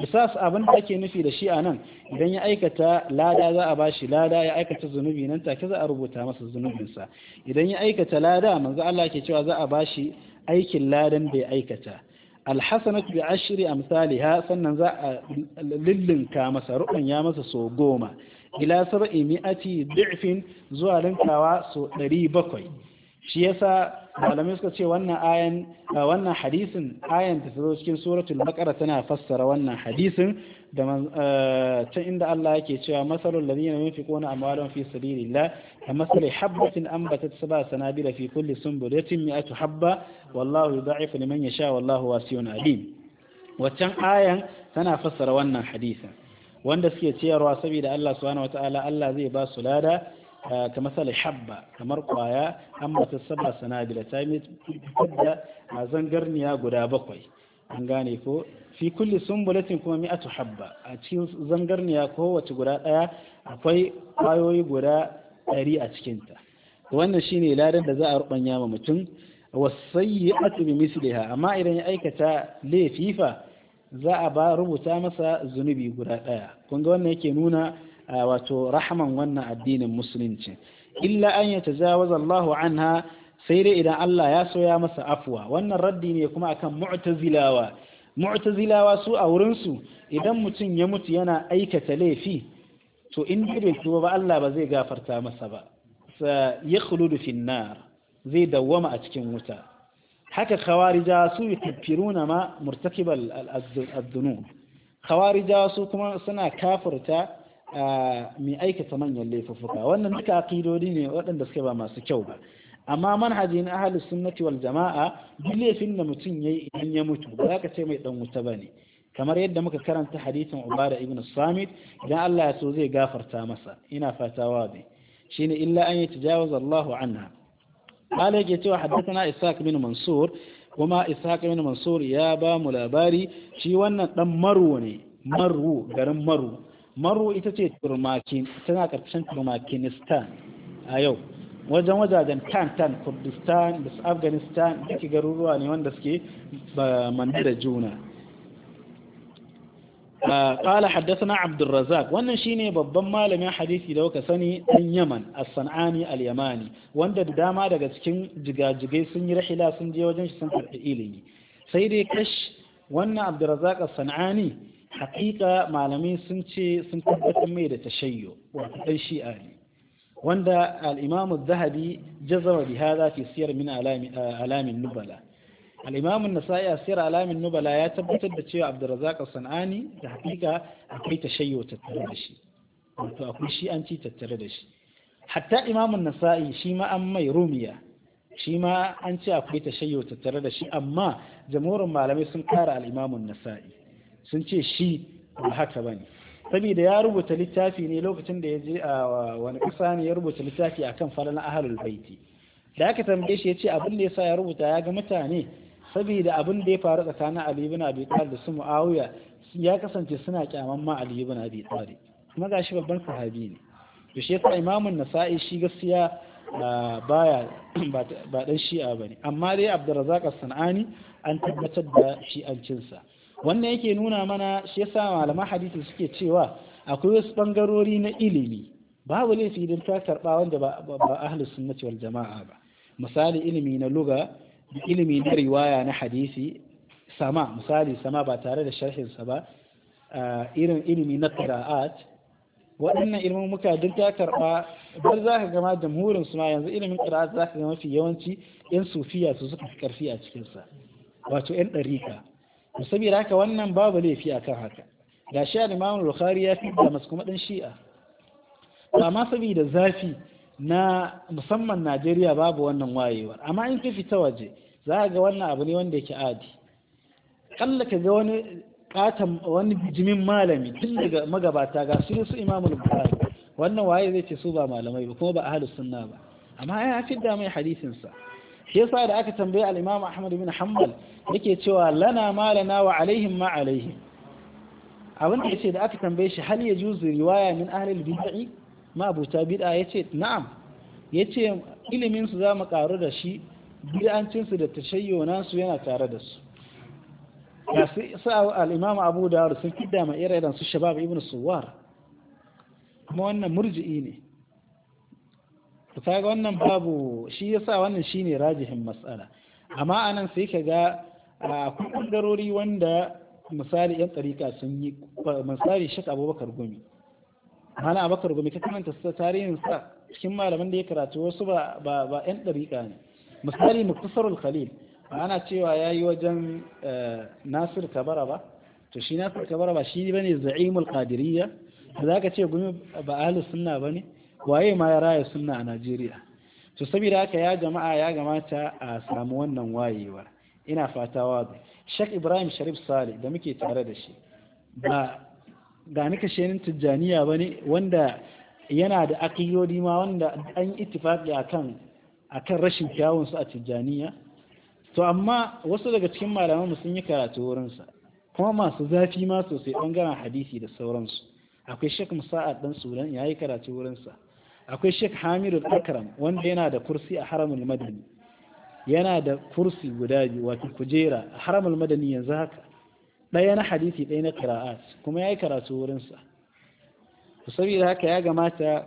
Speaker 1: kisas abin da ake nufi da shi a nan idan ya aikata lada za a bashi lada ya aikata zunubi nan take za a rubuta masa zunubinsa idan ya aikata lada manzo Allah ke cewa za a bashi aikin ladan bai aikata alhasanat bi ashri amsalha sannan za a lillinka masa rubun ya masa so goma ila sab'i mi'ati du'fin zuwa linkawa so 700 shi yasa malamai suka ce wannan ayan wannan hadisin ayan ta zo cikin suratul baqara tana fassara wannan hadisin da ta inda Allah yake cewa masalul ladina yunfiquna amwalahum fi sabilillah kamasali habatin ambatat sab'a sanabila fi kulli sunbulatin mi'atu habba wallahu yud'ifu liman yasha wallahu wasi'un alim waccan ayan tana fassara wannan hadisin wanda suke ciyarwa saboda Allah subhanahu wataala Allah zai ba su lada ka masala habba kamar kwaya an mata saba sanabila ta yi da a zangarniya guda bakwai an gane ko fi kulli sumbulatin kuma mi'atu habba a cikin zangarniya kowace guda daya akwai kwayoyi guda ɗari a cikinta wannan shine ladan da za a rubanya ma mutum wasayyi'atu bi misliha amma idan ya aikata fa za a ba rubuta masa zunubi guda daya kun ga wannan yake nuna wato rahaman wannan addinin musulunci illa an ya tazawaza Allah anha sai dai idan Allah ya soya masa afuwa wannan raddi ne kuma akan mu'tazilawa mu'tazilawa su a wurin su idan mutum ya mutu yana aikata laifi to in bai ba Allah ba zai gafarta masa ba sa yakhludu fin zai dawwama a cikin wuta haka khawarija su yukaffiruna ma murtakibal az-dhunub khawarija su kuma suna kafirta mai aikata manyan laifuffuka wannan duka aƙidodi ne waɗanda suke ba masu kyau ba amma manhajin ahlus sunnati wal jama'a duk laifin da mutum yayi idan ya mutu ba za ka ce mai dan wuta ba ne kamar yadda muka karanta hadisin da ibn Samit idan Allah ya so zai gafarta masa ina fata wabi shine illa an yatajawaza Allah anha قال يجي حدثنا إسحاق بن منصور kuma ishaq ibn mansur ya bamu labari shi wannan dan marwo ne marwo garin marwo maru ita ce turmaki tana ƙarshen turmakinistan a yau wajen wajajen tantan kurdistan da afghanistan da ke garuruwa ne wanda suke manne da juna قال haddasa na Abdulrazak wannan shine babban malamin hadisi da waka sani dan Yaman a sanani al-Yamani wanda da dama daga cikin jigajigai sun yi rahila sun je wajen shi sun karɓi ilimi sai dai kash wannan Abdulrazak a sanani hakika malamai sun ce sun tabbatar mai da tashayyo wato dan shi'a ne wanda al-imamu zahabi jazama bi hadha fi siyar min alamin nubala al na nasai a siyar alamin nubala ya tabbatar da cewa abdurrazzaq sanani da haƙiƙa akwai tashayyo tattare da shi wato akwai shi'anci tattare da shi hatta imamu nasa'i shi ma an mai rumiya shi ma an ce akwai tashayyo tattare da shi amma jamhurin malamai sun kara al na nasa'i sun ce shi ba haka ba ne. saboda ya rubuta littafi ne lokacin da ya je a wani kasa ne ya rubuta littafi akan falal ahalul baiti da aka tambaye shi ya ce abin da ya sa ya rubuta ya ga mutane saboda abin da ya faru tsakanin Ali ibn Abi da su Muawiya ya kasance suna kyaman ma Ali ibn Abi Talib kuma gashi babban sahabi ne to shi yasa Imam nasai shi gaskiya baya ba dan shi'a bane amma dai Abdurrazzaq As-Sanani an tabbatar da shi'ancinsa wannan yake nuna mana shi yasa malaman hadisi suke cewa akwai wasu bangarori na ilimi babu laifi idan ta karba wanda ba ba ahlus sunnati wal jamaa ba misali ilimi na luga ilimi na riwaya na hadisi sama misali sama ba tare da sharhinsa ba ah, irin ilimi na qira'at waɗannan ilimin muka duk ta karɓa bar za ka gama jamhurin su ma yanzu ilimin qira'at za ka ga mafi yawanci yan sufiya su suka fi karfi a cikinsa wato yan ɗarika saboda haka wannan babu laifi akan haka ga shi al Bukhari ya fi masu kuma dan Shi'a ba ma saboda zafi na musamman Najeriya babu wannan wayewar amma in ka fita waje za a ga wannan abu ne wanda yake adi kalla ka ga wani katon wani jimin malami tun daga magabata ga su su Imam Bukhari wannan waye zai ce su ba malamai ba kuma ba a ahlus sunna ba amma ya fidda mai hadisin sa shi yasa da aka tambaye al-imam ahmad bin hanbal yake cewa lana ma lana wa alaihim ma alaihim abin da yace da aka tambaye shi hal juzu riwaya min ahli al-bid'i ma abuta bid'a yace na'am yace ilimin su zamu karu da shi bid'ancin da tashayyunan su yana tare da su Ya sa al-imam abu dawud sun kidda ma irin su shabab ibn suwar kuma wannan murji'i ne to kaga wannan babu shi yasa wannan shine rajihin matsala amma anan sai ka ga akwai ɓangarori wanda misali yan tsarika sun yi misali shek abubakar gumi mana abubakar gumi ka karanta tarihin sa cikin malaman da ya karatu wasu ba ba yan tsarika ne misali muktasarul khalil ana cewa yayi wajen eh, nasir kabara ba to shi nasir kabara ba shi bane za'imul qadiriyya za zaka ce gumi ba ahlus sunna bane waye ma ya raya sunna a Najeriya to saboda haka ya jama'a ya gamata a samu wannan wayewar ina fata wadu Sheikh Ibrahim Sharif Saleh da muke tare da shi ba ga nika shenin tijjaniya ba ne, wanda yana da akiyodi ma wanda an yi ittifaqi akan akan rashin kyawun a tijjaniya to amma wasu daga cikin malaman mu sun yi karatu wurinsa, kuma masu zafi ma sosai bangaren hadisi da sauransu akwai Sheikh Musa'ad ɗan Sudan yayi karatu wurinsa. akwai Sheikh hamiru Akram wanda yana da kursi a Haramul Madani yana da kursi guda biyu wato kujera a Haramul Madani yanzu haka ɗaya na hadisi ɗaya na kira'at kuma ya yi karatu wurinsa sa saboda haka ya gamata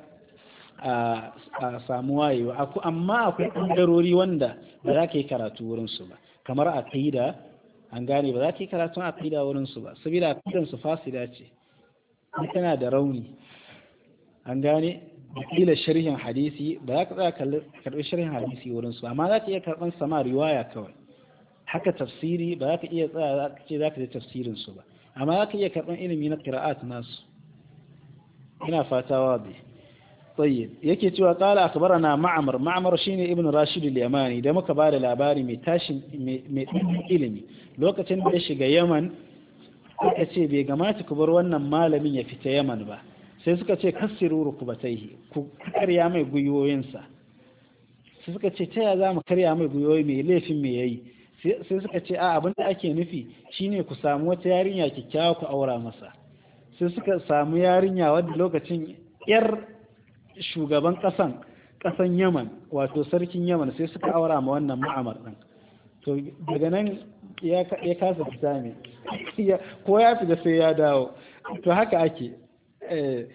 Speaker 1: a samu wayewa amma akwai ɓangarori wanda ba za ka yi karatu wurinsu ba kamar a aqida an gane ba za ka yi karatu a wurin wurinsu ba saboda aqidan su fasida ce tana da rauni an gane kila sharhin hadisi ba za ka tsaya karɓi sharhin hadisi wurin su amma za ka iya karɓan sama riwaya kawai haka tafsiri ba za ka iya tsaya za ka ce za ka ji tafsirin su ba amma za ka iya karɓan ilimi na qira'at nasu ina fata wa bi tayyib yake cewa qala akhbarana ma'mar ma'mar shine ibn rashid al-yamani da muka ba da labari mai tashin mai ilimi lokacin da ya shiga yaman aka ce bai gamata ku bar wannan malamin ya fita yaman ba sai suka ce kassiru rukubataihi ku karya mai gwiwoyinsa sai suka ce ta ya za mu karya mai gwiwoyi mai laifin mai yayi sai suka ce a abin da ake nufi shine ku samu wata yarinya kyakkyawa ku aura masa sai suka samu yarinya wadda lokacin yar shugaban kasan kasan yaman wato sarkin yaman sai suka aura ma wannan ma'amar din to daga nan ya kasa fita ne ko ya fi da sai ya dawo to haka ake Eh,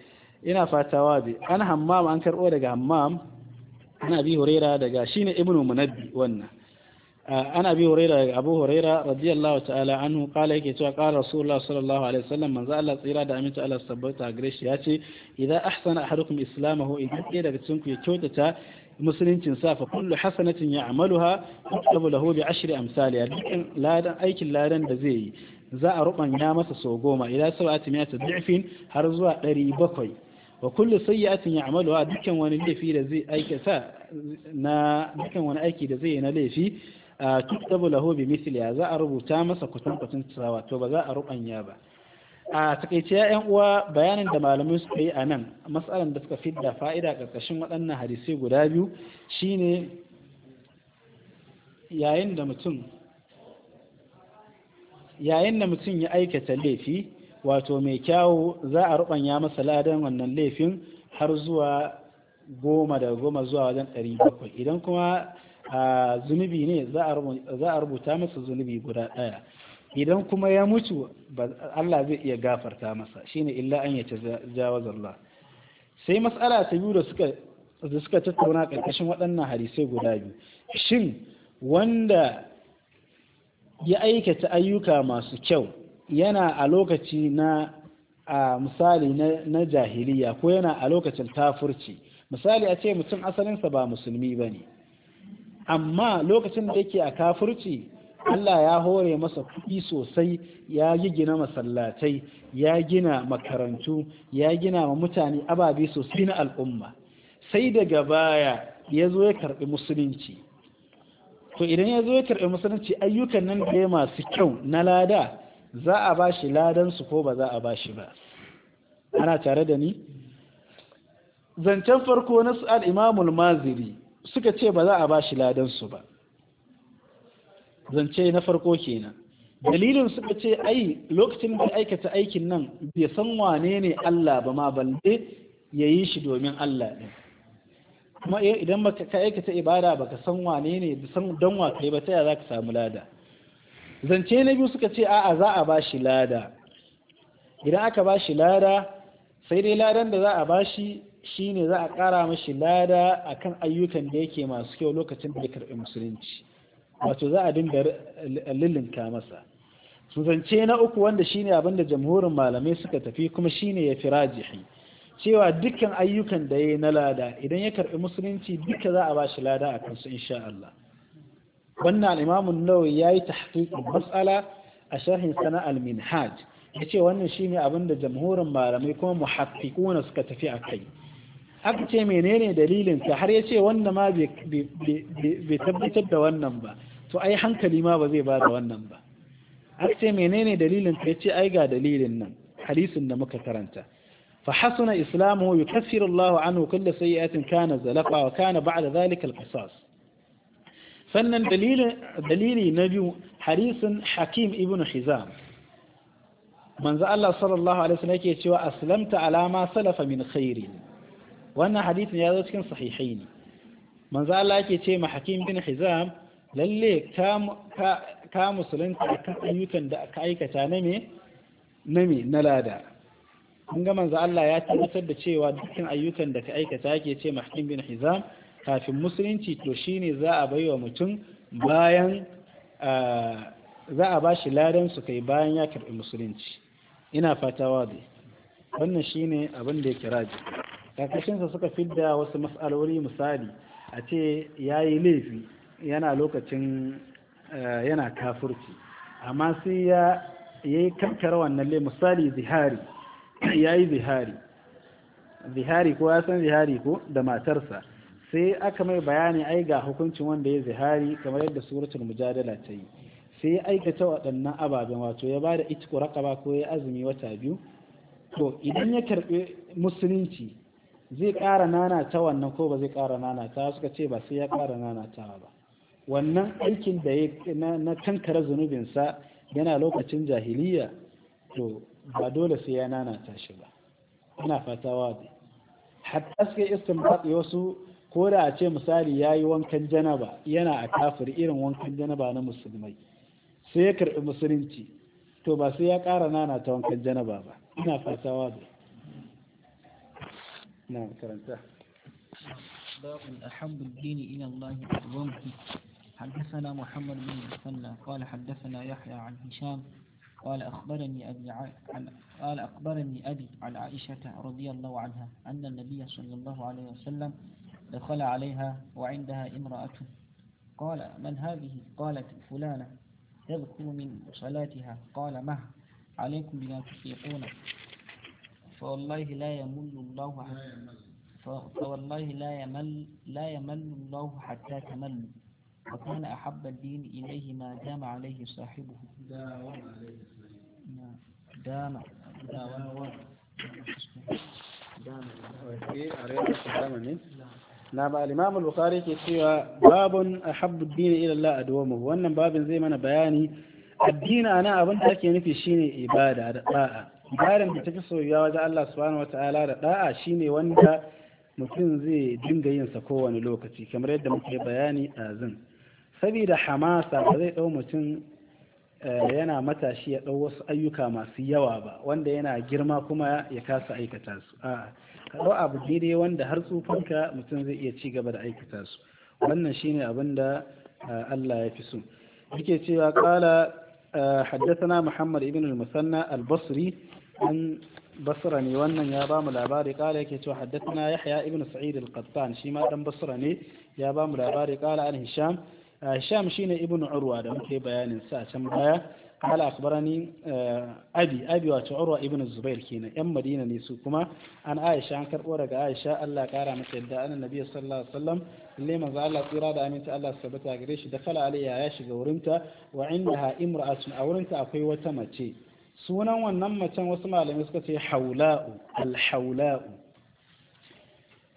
Speaker 1: ina fatawa bi an hammam an karɓo daga hammam ana bi huraira daga shine ibnu munabbi wannan eh, an bi huraira daga abu huraira radiyallahu ta'ala anhu qala yake cewa qala rasulullah sallallahu alaihi wasallam manzo Allah tsira da aminta Allah sabbata gresh ya ce idza ahsana ahadukum islamahu idan ɗaya daga cikin ku ya kyautata musuluncin sa fa kullu hasanatin ya'maluha yaqbalu lahu bi ashri amsalha dukkan ladan aikin ladan da zai yi za a rubanya masa sau goma ila sab'ati mi'ati du'fin har zuwa ɗari bakwai wa kullu sayyi'atin wa dukkan wani laifi da zai aikata na dukkan wani aiki da zai yi na laifi tuktabu lahu bi misliha za a rubuta masa kwatankwacin tsawa to ba za a rubanya ba a takaice yan uwa bayanin da malamai suka yi a nan matsalan da suka fidda fa'ida ƙarƙashin waɗannan hadisai guda biyu shine yayin da mutum yayin da mutum ya aikata laifi wato mai kyawu za a rubanya masa ladan wannan laifin har zuwa goma da goma zuwa wajen ɗari bakwai idan kuma zunubi ne za a rubuta masa zunubi guda ɗaya idan kuma ya mutu Allah zai iya gafarta masa shine illa an ya jawazar Allah sai matsala ta biyu da suka tattauna ƙarƙashin waɗannan hadisai guda biyu shin wanda ya aikata ayyuka masu kyau yana a lokaci na a misali na jahiliya ko yana a lokacin kafurci misali a ce mutum asalinsa ba musulmi ba ne amma lokacin da yake a kafurci Allah ya hore masa kuɗi sosai ya yi gina masallatai ya gina makarantu ya gina wa mutane ababe sosai na al'umma sai daga baya ya zo ya karɓi musulunci to idan ya zo ya karɓi musulunci ayyukan nan da masu kyau na lada za a ba shi ladansu ko ba za a ba shi ba ana tare da ni zancen farko na su'al imamul maziri suka ce ba za a ba shi ladansu ba zance na farko kenan dalilin suka ce ai lokacin da aikata aikin nan bai san wane ne Allah ba ma balle ya yi shi domin Allah ɗin kuma eh, idan baka ka aikata ibada ba ka san wane ne san don wa kai ba ta ya ka samu lada zance na biyu suka ce a'a za a bashi lada idan aka bashi lada sai dai ladan da za a bashi ne za a kara mashi lada a kan ayyukan da yake masu kyau lokacin da ya karbi musulunci wato za a dinga ka masa zance na uku wanda shine abin da jamhurin malamai suka tafi kuma shine ya fi rajihi cewa dukkan ayyukan da ya yi na lada idan ya karɓi musulunci duka za a ba shi lada a kansu insha Allah wannan al'imamun nawawi ya yi matsala matsala a sharhin sana Minhad. ya ce wannan shi ne abin da jamhurin malamai kuma muhaqqiquna suka tafi a kai aka ce menene dalilin ta har ya ce wannan ma bai tabbatar da wannan ba to ai hankali ma ba zai ba da wannan ba aka ce menene dalilin ta ya ce ai ga dalilin nan hadisin da muka karanta فحسن إسلامه يكفر الله عنه كل سيئة كان زلقا وكان بعد ذلك القصاص sannan dalili na biyu harisun hakim ibin hizam manzo Allah alaihi wasallam yake cewa aslamta alama salafa min khairi wannan hadisin ya zo cikin sahihaini ne Allah yake ce ma hakim bin hizam lalle ka ka musulunta kan da aka aikata na me na lada kun ga manzo Allah ya tabbatar da cewa dukkan ayyukan da ka aikata yake ce mahkim bin hizam kafin musulunci to shine za a baiwa mutum bayan za a ba shi ladan su kai bayan ya karbi musulunci ina fata wadi wannan shine abin da ya kira ji karkashin sa suka fidda wasu matsaloli misali a ce yayi laifi yana lokacin yana kafirci amma sai ya yi kankara wannan misali zihari ya yi zihari zihari ko ya san zihari ko da matarsa sai aka mai bayani ai ga hukuncin wanda ya zihari kamar yadda suratul mujadala ta yi sai ya aikata waɗannan ababen wato ya ba da itiko raƙaba ko ya azumi wata biyu to idan ya karɓi musulunci zai ƙara nanata wannan ko ba zai ƙara nanata suka ce ba sai ya ƙara nanata ba wannan aikin da ya na kankara zunubinsa yana lokacin jahiliya to ba dole sai ya nanata shi ba ina fata da hatta suka istinbat wasu ko da a ce misali ya yi wankan janaba yana a kafir irin wankan janaba na musulmai sai ya karɓi musulunci to ba sai ya ƙara nana ta wankan janaba ba ina fata wadi na karanta
Speaker 2: باب أحب الدين إلى الله وأعظمه حدثنا محمد بن مسلى قال حدثنا يحيى عن هشام قال أخبرني أبي عن قال أخبرني أبي عن عائشة رضي الله عنها أن النبي صلى الله عليه وسلم دخل عليها وعندها امرأة قال من هذه قالت فلانة تذكر من صلاتها قال مه عليكم بما تفيقون فوالله لا يمل الله فوالله لا يمل لا يمل الله حتى تملوا وكان أحب الدين إليه ما دام عليه صاحبه داوم داوم
Speaker 1: na ba al-imam ke cewa babun a ad-din ila Allah wannan babin zai mana bayani addini ana abin da ake nufi shine ibada da da'a ibadan da tafi soyuwa wajen Allah subhanahu wataala da da'a shine wanda mutum zai dinga yinsa kowane lokaci kamar yadda muke bayani a saboda hamasa ba zai ɗau mutum eh, yana matashi ya ɗau wasu ayyuka masu yawa ba wanda yana girma kuma ya kasa aikata su a kaɗau abu daidai wanda har tsufanka mutum zai iya ci gaba da aikata su wannan shine abin da eh, Allah ya fi so yake cewa kala حدثنا محمد musanna albasri البصري basra بصرة wannan ya bamu labari kala yake cewa haddathana Yahya ibn Sa'id al-Qattan shi ma dan Basra ne ya bamu labari ƙala an Hisham sham shine ibnu urwa da muke bayanin sa can baya قال أخبرني أبي أبي وتعروة ابن الزبير كينا يم مدينة نيسوكما أن عائشة عن كرورة عائشة الله قارا متعدى أن النبي صلى الله عليه وسلم اللي من زعل الله إرادة أمين الله سبتا قريش دخل عليها عائشة قورمتا وعندها امرأة أورمتا أخي وتمتي سونا ونمة وسمع لم يسكتي حولاء الحولاء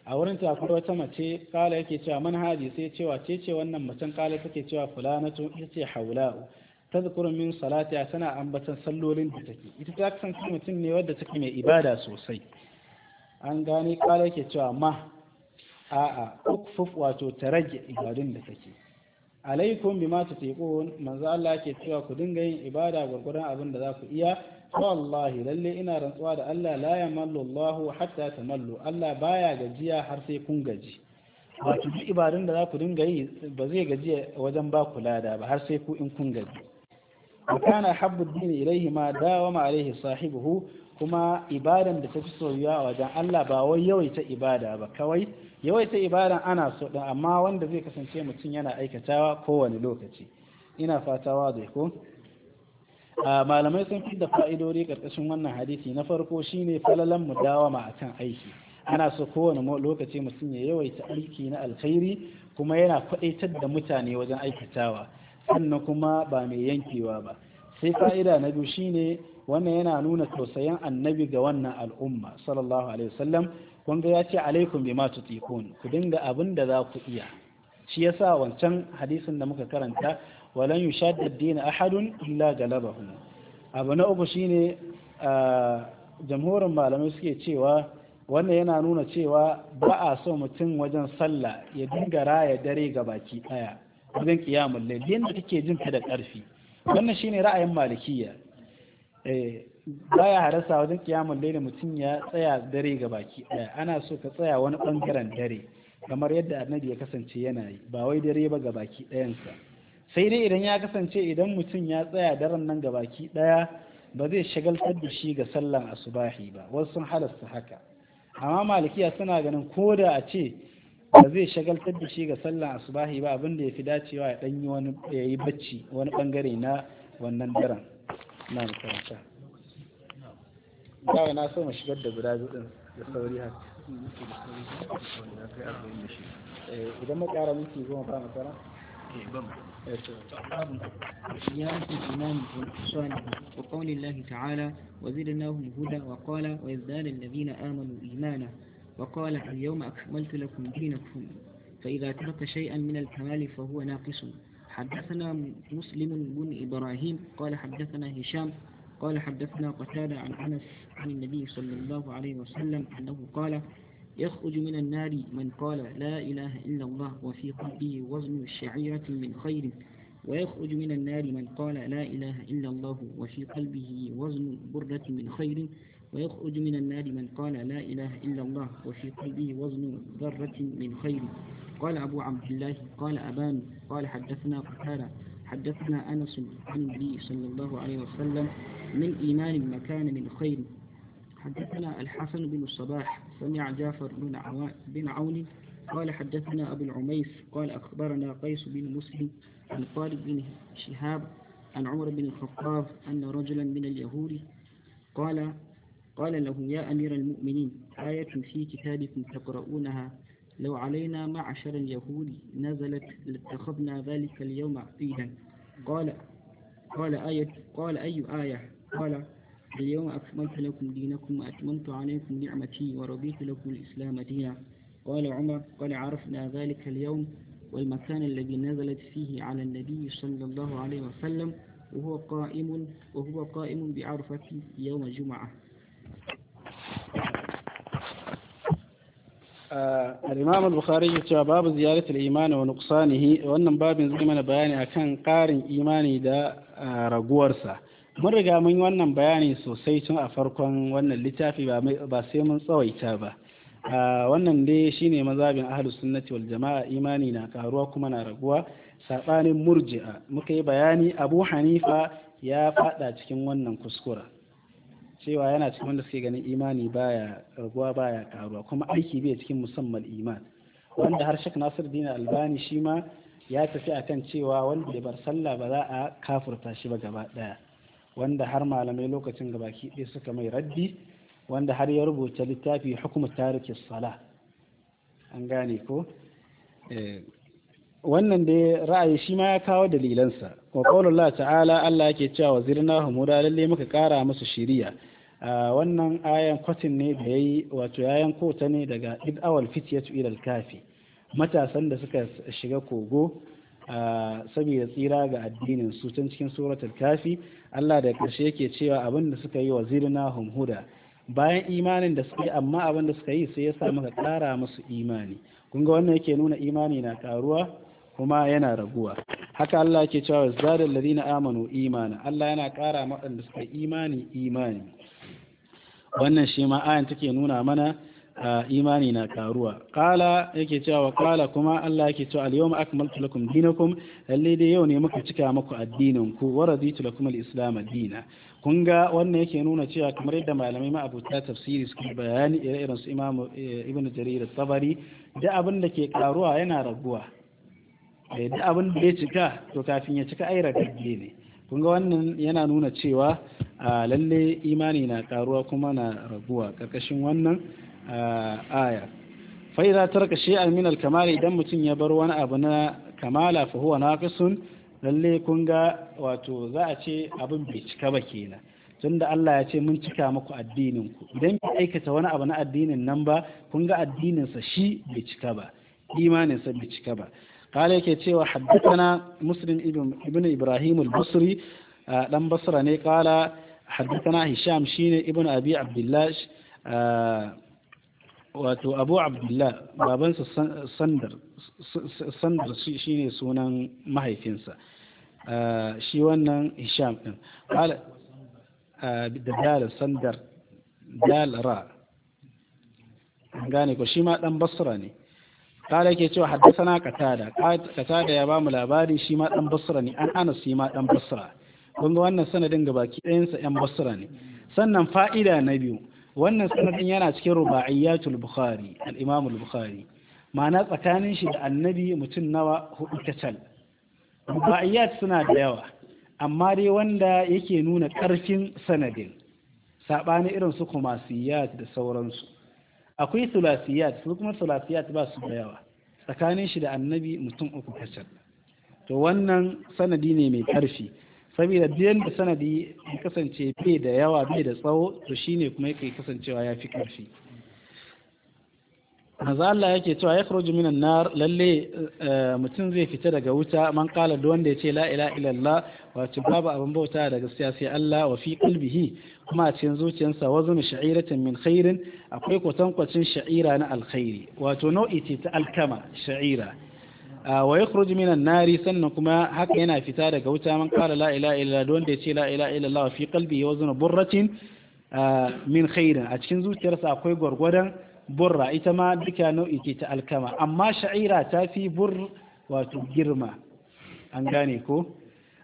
Speaker 1: a wurin ta kuma wata mace kala yake cewa man haji sai cewa ce ce wannan macen kala take cewa tun ita ce haula. Ta min a tana ambatan sallolin da take ita ta kasance mutum ne wadda take mai ibada sosai an gane kala yake cewa ma a'a ukfuf wato ta rage ibadun da take alaikum bima tutiqun manzo Allah yake cewa ku dinga yin ibada gurgurun abin da za ku iya wallahi lalle ina rantsuwa da Allah la yamallu Allah hatta tamallu Allah baya gajiya har sai kun gaji wato duk ibadun da za ku dinga yi ba zai gaji wajen ba ku lada ba har sai ku in kun gaji wa kana habbu dini ilaihi ma dawama alaihi sahibuhu kuma ibadan da tafi soyuwa a wajen Allah ba wai yawaita ibada ba kawai yawaita ibadan ana so amma wanda zai kasance mutum yana aikatawa kowane lokaci ina fatawa zai ko malamai sun fi da fa'idori karkashin wannan hadisi na farko shine falalan mu ma akan aiki ana so kowane lokaci mutum ya yawaita aiki na alkhairi kuma yana faɗaitar da mutane wajen aikatawa sannan kuma ba mai yankewa ba sai fa'ida na biyu shine wannan yana nuna tausayin annabi ga wannan al'umma sallallahu alaihi wasallam kun ga ya ce alaikum bima tutiqun ku dinga abin da za ku iya shi yasa wancan hadisin da muka karanta walan yushadda ad-din ahadun illa galabahu abu na uku shine jamhurin malamai suke cewa wannan yana nuna cewa ba a so mutum wajen sallah ya dinga raya dare ga baki daya wajen kiyamul layl da kake jin ka da karfi wannan shine ra'ayin malikiya eh, baya harasa wajen kiyamul layl mutum ya tsaya dare ga baki daya ana so ka tsaya wani ɓangaren dare kamar yadda annabi ya kasance yana yi ba wai dare ba ga baki dayansa sai dai idan ya kasance idan mutum ya tsaya daren nan gabaki daya ba zai shagaltar da shi ga sallan asubahi ba wasu sun halasta haka amma malikiya suna ganin ko da a ce ba zai shagaltar da shi ga sallan asubahi ba abin da ya fi dacewa ya ɗanyi wani ya yi bacci wani ɓangare na wannan daren na makaranta kawai na so mu shigar da guda biyu da sauri haka eh, idan mu ƙara minti goma ba makaranta
Speaker 2: وقول الله تعالى وزدناهم هدى وقال ويزداد الذين آمنوا إيمانا وقال اليوم أكملت لكم دينكم فإذا ترك شيئا من الكمال فهو ناقص حدثنا مسلم بن إبراهيم قال حدثنا هشام قال حدثنا قتادة عن أنس عن النبي صلى الله عليه وسلم أنه قال يخرج من النار من قال لا إله إلا الله وفي قلبه وزن الشعيرة من خير ويخرج من النار من قال لا إله إلا الله وفي قلبه وزن برة من خير ويخرج من النار من قال لا إله إلا الله وفي قلبه وزن ذرة من خير قال أبو عبد الله قال أبان قال حدثنا قتالة حدثنا أنس عن النبي صلى الله عليه وسلم من إيمان مكان من خير حدثنا الحسن بن الصباح سمع جعفر بن, بن عون قال حدثنا أبو العميس قال أخبرنا قيس بن مسلم عن خالد بن شهاب عن عمر بن الخطاب أن رجلا من اليهود قال قال له يا أمير المؤمنين آية في كتابكم تقرؤونها لو علينا معشر اليهود نزلت لاتخذنا ذلك اليوم عقيدا قال قال آية قال أي آية قال اليوم أكملت لكم دينكم وأتممت عليكم نعمتي ورضيت لكم الإسلام دينا قال عمر قال عرفنا ذلك اليوم والمكان الذي نزلت فيه على النبي صلى الله عليه وسلم وهو قائم وهو قائم بعرفة يوم الجمعة
Speaker 1: آه، الإمام البخاري يتوى باب زيارة الإيمان ونقصانه وأن باب babin بيان أكان قارن إيماني دا imani آه، mun riga mun yi wannan bayani sosai tun a farkon wannan littafi ba sai mun tsawaita ba wannan dai shine mazabin ahlus sunnati wal jama'a imani na karuwa kuma na raguwa sabanin murji'a muka yi bayani abu hanifa ya fada cikin wannan kuskura cewa yana cikin wanda suke ganin imani baya raguwa baya karuwa kuma aiki bai cikin musamman iman wanda har shek nasir dina albani shi ma ya tafi akan cewa wanda ya bar sallah ba za a kafurta shi ba gaba daya wanda har malamai lokacin gabaki ɗaya suka mai raddi wanda har ya rubuta littafi hukumu tarikin sala an gane ko eh, wannan da ra'ayi shi ma ya kawo dalilansa wa qaulullah ta'ala Allah yake cewa wa wazirna da lalle muka kara musu shiriya ah, wannan ayan kwatin ne da ya yi wato yayan kota ne daga id awal fityatu ila kafi matasan da suka shiga kogo saboda tsira ga addinin su tun cikin suratul kafi Allah da ƙarshe yake cewa abin da suka yi wa hum huda bayan imanin da suka yi amma abin da suka yi sai ya sa muka ƙara musu imani kun ga wannan yake nuna imani na karuwa kuma yana raguwa haka Allah yake cewa zadal ladina amanu imana Allah yana ƙara da suka imani imani wannan shi ma ayan take nuna mana imani na karuwa kala yake cewa kala kuma Allah yake cewa al-yawma akmaltu lakum dinakum lalle dai yau ne muka cika muku addinin ku wa raditu lakum al-islam dina kun ga wannan yake nuna cewa kamar yadda malamai ma abuta tafsiri suke bayani irin su Imam eh, Ibn Jarir tabari da abin da ke karuwa yana raguwa eh, da abin da ya cika to kafin ya cika ai ragagge ne kun ga wannan yana nuna cewa lalle imani na karuwa kuma na raguwa karkashin wannan aya fa idza taraka shay'an min al-kamal idan mutum ya bar wani abu na kamala fa huwa naqisun lalle kun ga wato za a ce abin bai cika ba kenan tunda Allah ya ce mun cika muku addinin ku idan bai aikata wani abu na addinin nan ba kun ga addinin sa shi bai cika ba imanin sa bai cika ba kale yake cewa haddathana muslim ibn ibrahim al-basri dan basra ne kala haddathana hisham shine ibn abi abdullah wato abu abdullah babansa sandar sandar shine sunan mahaifinsa ah, shi wannan hisham din ah, da dal sandar dal ra gane ko shi ma dan basra ne قال yake cewa حدثنا قتادة katada ya bamu labari shi ma dan basra ne an anas shi ma dan basra kun ga wannan sanadin gabaki سنة yan basra ne sannan fa'ida na biyu wannan sanadin yana cikin ruba'iyyatul bukhari al-imam al-bukhari ma'ana tsakanin shi da annabi mutum nawa hudu kacal ruba'iyyat suna da yawa amma dai wanda yake nuna karfin sanadin sabani irin su kumasiyat da sauransu akwai sulasiyat su kuma sulasiyat ba su da yawa tsakanin shi da annabi mutum uku kacal to wannan sanadi ne mai karfi saboda biyan da sanadi ya kasance bai da yawa bai da tsawo to shine kuma yake kasancewa ya fi ƙarfi maza Allah yake cewa ya kharuju minan nar lalle eh, mutum zai fita daga wuta man kala da wanda ya ce la ilaha illallah wato babu abin bauta da gaskiya sai Allah wa fi qalbihi kuma a cikin zuciyarsa wazun sha'iratin min khairin akwai kwatankwacin sha'ira na alkhairi wato nau'i ce ta alkama sha'ira Ah, wa yakhruju minan nari sannan kuma haka yana fita daga wuta man qala la ilaha illa don da yace la ilaha illallah fi qalbi wazn burratin ah, min khairin a cikin zuciyarsa akwai gwargwadon burra ita ma duka nau'i ce ta alkama amma sha'ira ta fi bur wato girma an gane ko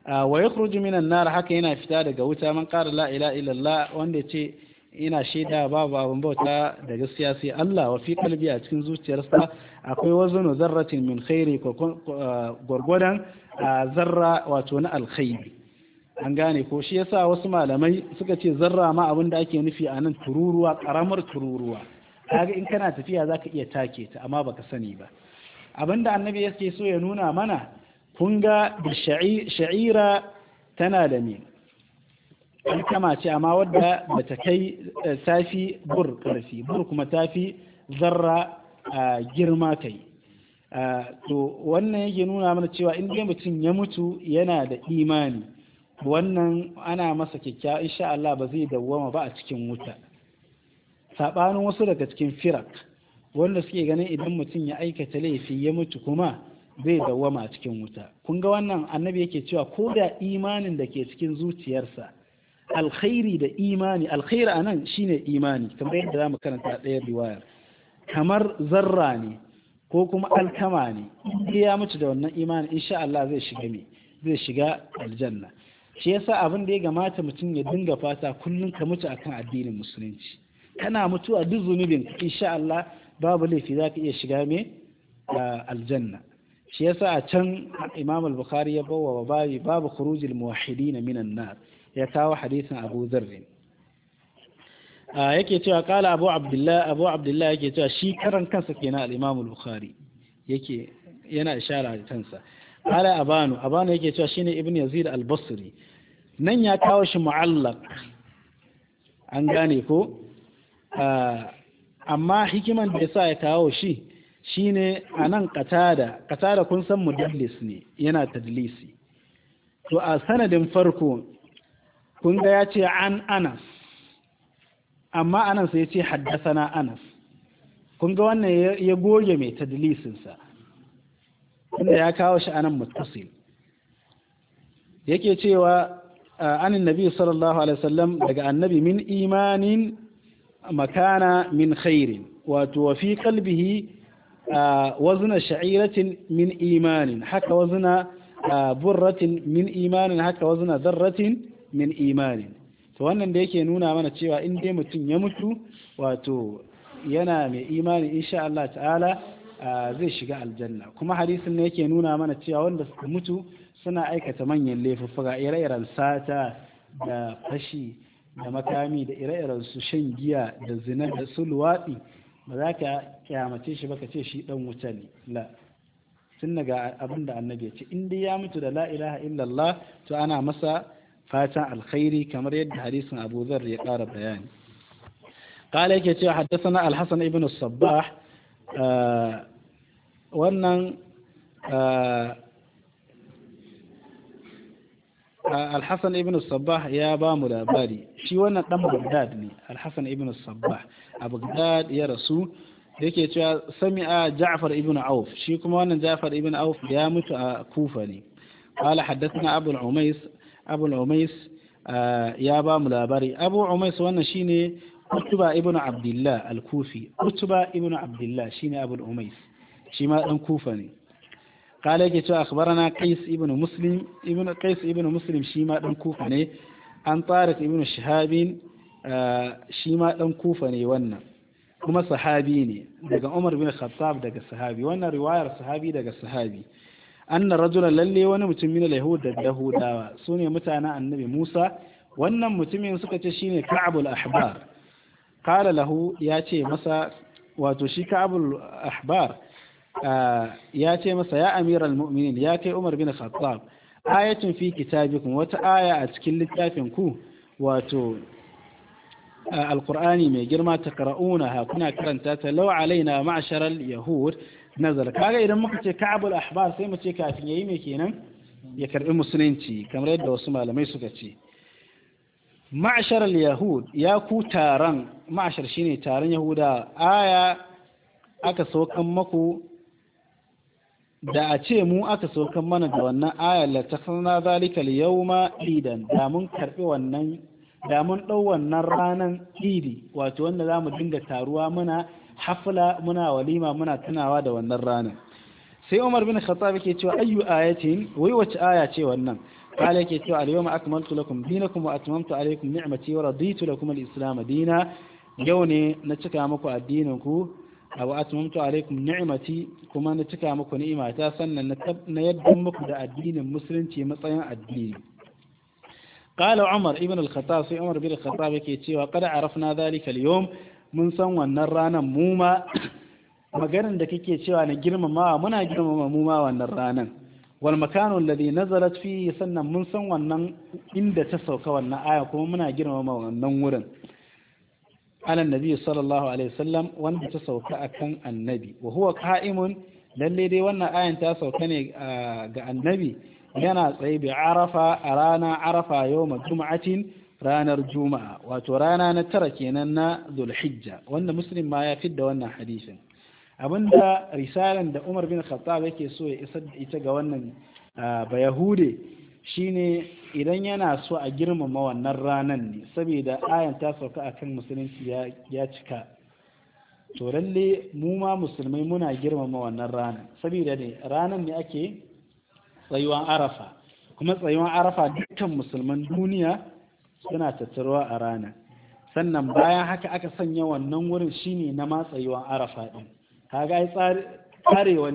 Speaker 1: ah, wa yakhruju minan nar haka yana fita daga wuta man qala la ilaha illallah wanda ce. ina shaida babu abin bauta da gaskiya sai Allah wa fi kalbi a cikin zuciyarsa akwai na zarratin min khairi gwargwadon zarra wato na alkhairi an gane ko shi yasa wasu malamai suka ce zarra ma abin da ake nufi a nan tururuwa karamar tururuwa kaga in kana tafiya zaka iya take ta amma baka sani ba abinda annabi yake so ya nuna mana kun ga sha'ira tana da me alkama ce amma wadda ba ta kai safi eh, bur karfi bur kuma tafi zarra girma yi. to wannan yake nuna mana cewa in dai mutum ya mutu yana da imani wannan ana masa kyakkyawa insha Allah ba zai dawwama ba a cikin wuta sabanin wasu daga cikin firak wanda suke ganin idan mutum ya aikata laifi ya mutu kuma zai dawwama a cikin wuta kun ga wannan annabi yake cewa ko da imanin da ke cikin zuciyarsa alkhairi da imani alkhairi a nan shine imani kamar yadda za mu karanta ɗaya riwayar kamar zarra ne ko kuma alkama ne ya mutu da wannan imani insha Allah zai shiga me zai shiga aljanna shi yasa abin da ya gamata mutum ya dinga fata kullum ka mutu akan addinin musulunci kana mutuwa duk zunubin insha Allah babu laifi za ka iya shiga me aljanna shi yasa a can imam al-bukhari ya bawa babu khurujil muwahhidin minan nar ya kawo hadisin abu zarri yake cewa kala abu abdullahi abu abdullahi yake cewa shi karan kansa ke na al'imamu bukhari yake yana ishara da kansa kala abanu abanu yake cewa shine ibn yazid al-basri nan ya kawo shi mu'allaq an gane ko amma hikiman da yasa ya kawo shi shine a nan katada katada kun san mudallis ne yana tadlisi to a sanadin farko Kunga ga ya ce an anas amma anas ya ce haddasana anas kun ga wannan ya goge mai tadlisinsa inda ya kawo shi anan mutasil yake cewa anin nabi sallallahu alaihi wasallam daga annabi min imanin makana min khairin wato wa fi kalbihi wazna sha'iratin min imanin haka wazna burratin min imanin haka wazna darratin min imanin to wannan da yake nuna mana cewa in dai mutum ya mutu wato yana mai imani insha Allah ta'ala zai shiga aljanna kuma hadisin ne yake nuna mana cewa wanda suka mutu suna aikata manyan laifuffuka ire-iren sata da fashi da makami da ire-iren su shan giya da zina da su ba za ka kyamace shi ba ka ce shi dan wuta ne la tun daga abin da annabi ya ce in dai ya mutu da la ilaha illallah to ana masa fatan alkhairi kamar yadda hadisin Abu Dharr ya ƙara bayani قال yake cewa haddathana al-Hasan ibn al-Sabbah uh, wannan uh, uh, al-Hasan ibn al-Sabbah ya ba mu labari shi wannan dan Baghdad ne al-Hasan ibn al-Sabbah a Baghdad ya rasu yake cewa sami'a Ja'far ibn Auf shi kuma wannan Ja'far ibn Auf ya mutu a Kufa ne قال حدثنا أبو العميس abu umais ya ba mu labari abu umais wannan shine utuba ibn abdullah al-kufi utuba ibn abdullah shine abu umais shi ma dan kufa ne قال يجي أخبرنا قيس ابن مسلم ابن قيس ابن مسلم شيما دن كوفة ني عن طارق ابن شهاب شيما دن كوفة ني ونا كما صحابي ني دقا عمر بن الخطاب دقا صحابي ونا رواية صحابي دقا صحابي anna rajulan lalle wani mutum min al da yahudawa sune mutanen annabi Musa wannan mutumin suka ce shine Ka'abul Ahbar qala lahu ya ce masa wato shi Ka'abul Ahbar ya ce masa ya amiral mu'minin ya kai Umar bin Khattab ayatun fi kitabikum wata aya a cikin littafin ku wato alkur'ani mai girma ta kara'una kuna karanta ta lau alaina ma'asharar yahud nazar kaga idan muka ce ka'abul ahbar sai mu ce kafin yayi me kenan ya karbi musulunci kamar yadda wasu malamai suka ce ma'ashar yahud ya ku taron ma'ashar shine taron yahuda aya aka saukan maku da a ce mu aka saukan mana da wannan aya la takhna zalika al-yawma idan da mun karbi wannan da mun dau wannan ranan idi wato wanda zamu dinga taruwa muna hafla muna walima muna tunawa da wannan ranar sai Umar bin Khattab yake cewa ayyu ayatin wai wace aya ce wannan kala yake cewa al-yawma akmaltu lakum dinakum wa atmamtu alaykum ni'mati wa raditu lakum al-islam dina yau ne na cika muku addinin ku wa atmamtu alaykum ni'mati kuma na cika muku ni'imata sannan na yadda muku da addinin musulunci matsayin addini قال عمر ابن الخطاب في عمر بن الخطاب كي تشي وقد عرفنا ذلك اليوم mun san wannan ranar mu ma da kake cewa na girmamawa muna girmama mu ma wannan ranar wal makanu alladhi nazalat fi sannan mun san wannan inda ta sauka wannan aya kuma muna girmama wannan wurin ala nabi sallallahu alaihi wasallam wanda ta sauka akan annabi wa huwa qa'imun lalle dai wannan ayan ta sauka ne ga annabi yana tsaye bi arafa a rana arafa yau juma'atin ranar juma'a wato rana na tara kenan na zulhijja wanda muslim ma ya fidda wannan hadisin abinda risalan da umar bin khattab yake so ya isar da ita ga wannan bayahude shine idan yana so a girmama wannan ranan ne saboda ayan ta sauka akan musulunci ya cika to lalle mu ma musulmai muna girmama wannan ranan saboda ne ranan ne ake tsayuwan arafa kuma tsayuwan arafa dukkan musulman duniya suna tattaruwa a rana sannan bayan haka aka sanya wannan wurin shine na matsayiwan arafa din kaga ai tsare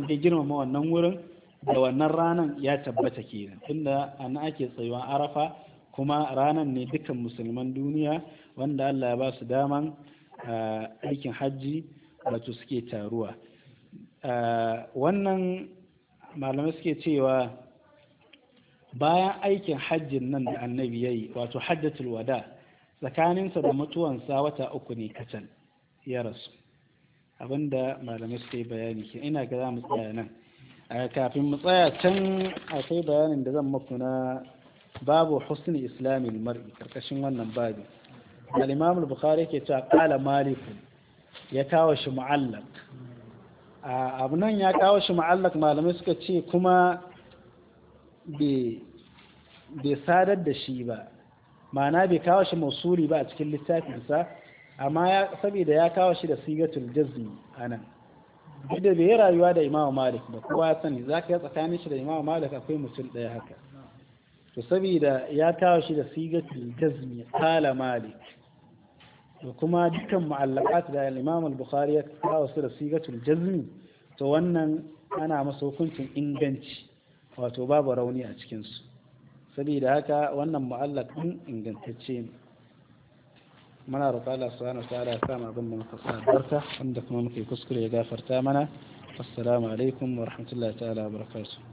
Speaker 1: da girmama wannan wurin da wannan ranan ya tabbata kenan tunda ana ake tsayuwan arafa kuma ranan ne dukan musulman duniya wanda Allah ya ba su daman eh, aikin hajji wato suke taruwa eh, wannan malamai suke cewa bayan aikin hajjin nan da annabi ya yi wato hajjatul wada tsakaninsa da mutuwansa wata uku ne kacal ya rasu abinda malamai suka yi bayani ke ina ga mu tsaya nan kafin mu tsaya can akwai bayanin da zan maku na babu husni islamin mar'i karkashin wannan babi al bukhari ke cewa qala malik ya kawo shi mu'allaq abu nan ya kawo shi mu'allaq malamai suka ce kuma bai sadar da shi ba ma'ana bai kawo shi masuri ba a cikin littafinsa amma saboda ya kawo shi da sigatul jazmi a nan da rayuwa da imamu malik ba kowa ya sani za ka yi tsakanin shi da imamu malik akwai mutum ɗaya haka to saboda ya kawo shi da sigatul jazmi kala malik da kuma dukkan mu'allaqat da imamu bukhari ya kawo su da sigatul jazmi to wannan ana masa hukuncin inganci wato babu rauni a cikinsu saboda haka wannan mu'allaf din ingantacce ne muna roƙa Allah subhanahu wa ta'ala ya mu abin da muka sabarta wanda kuma muke kuskure ya gafarta mana assalamu alaikum wa rahmatullahi ta'ala wa barakatuh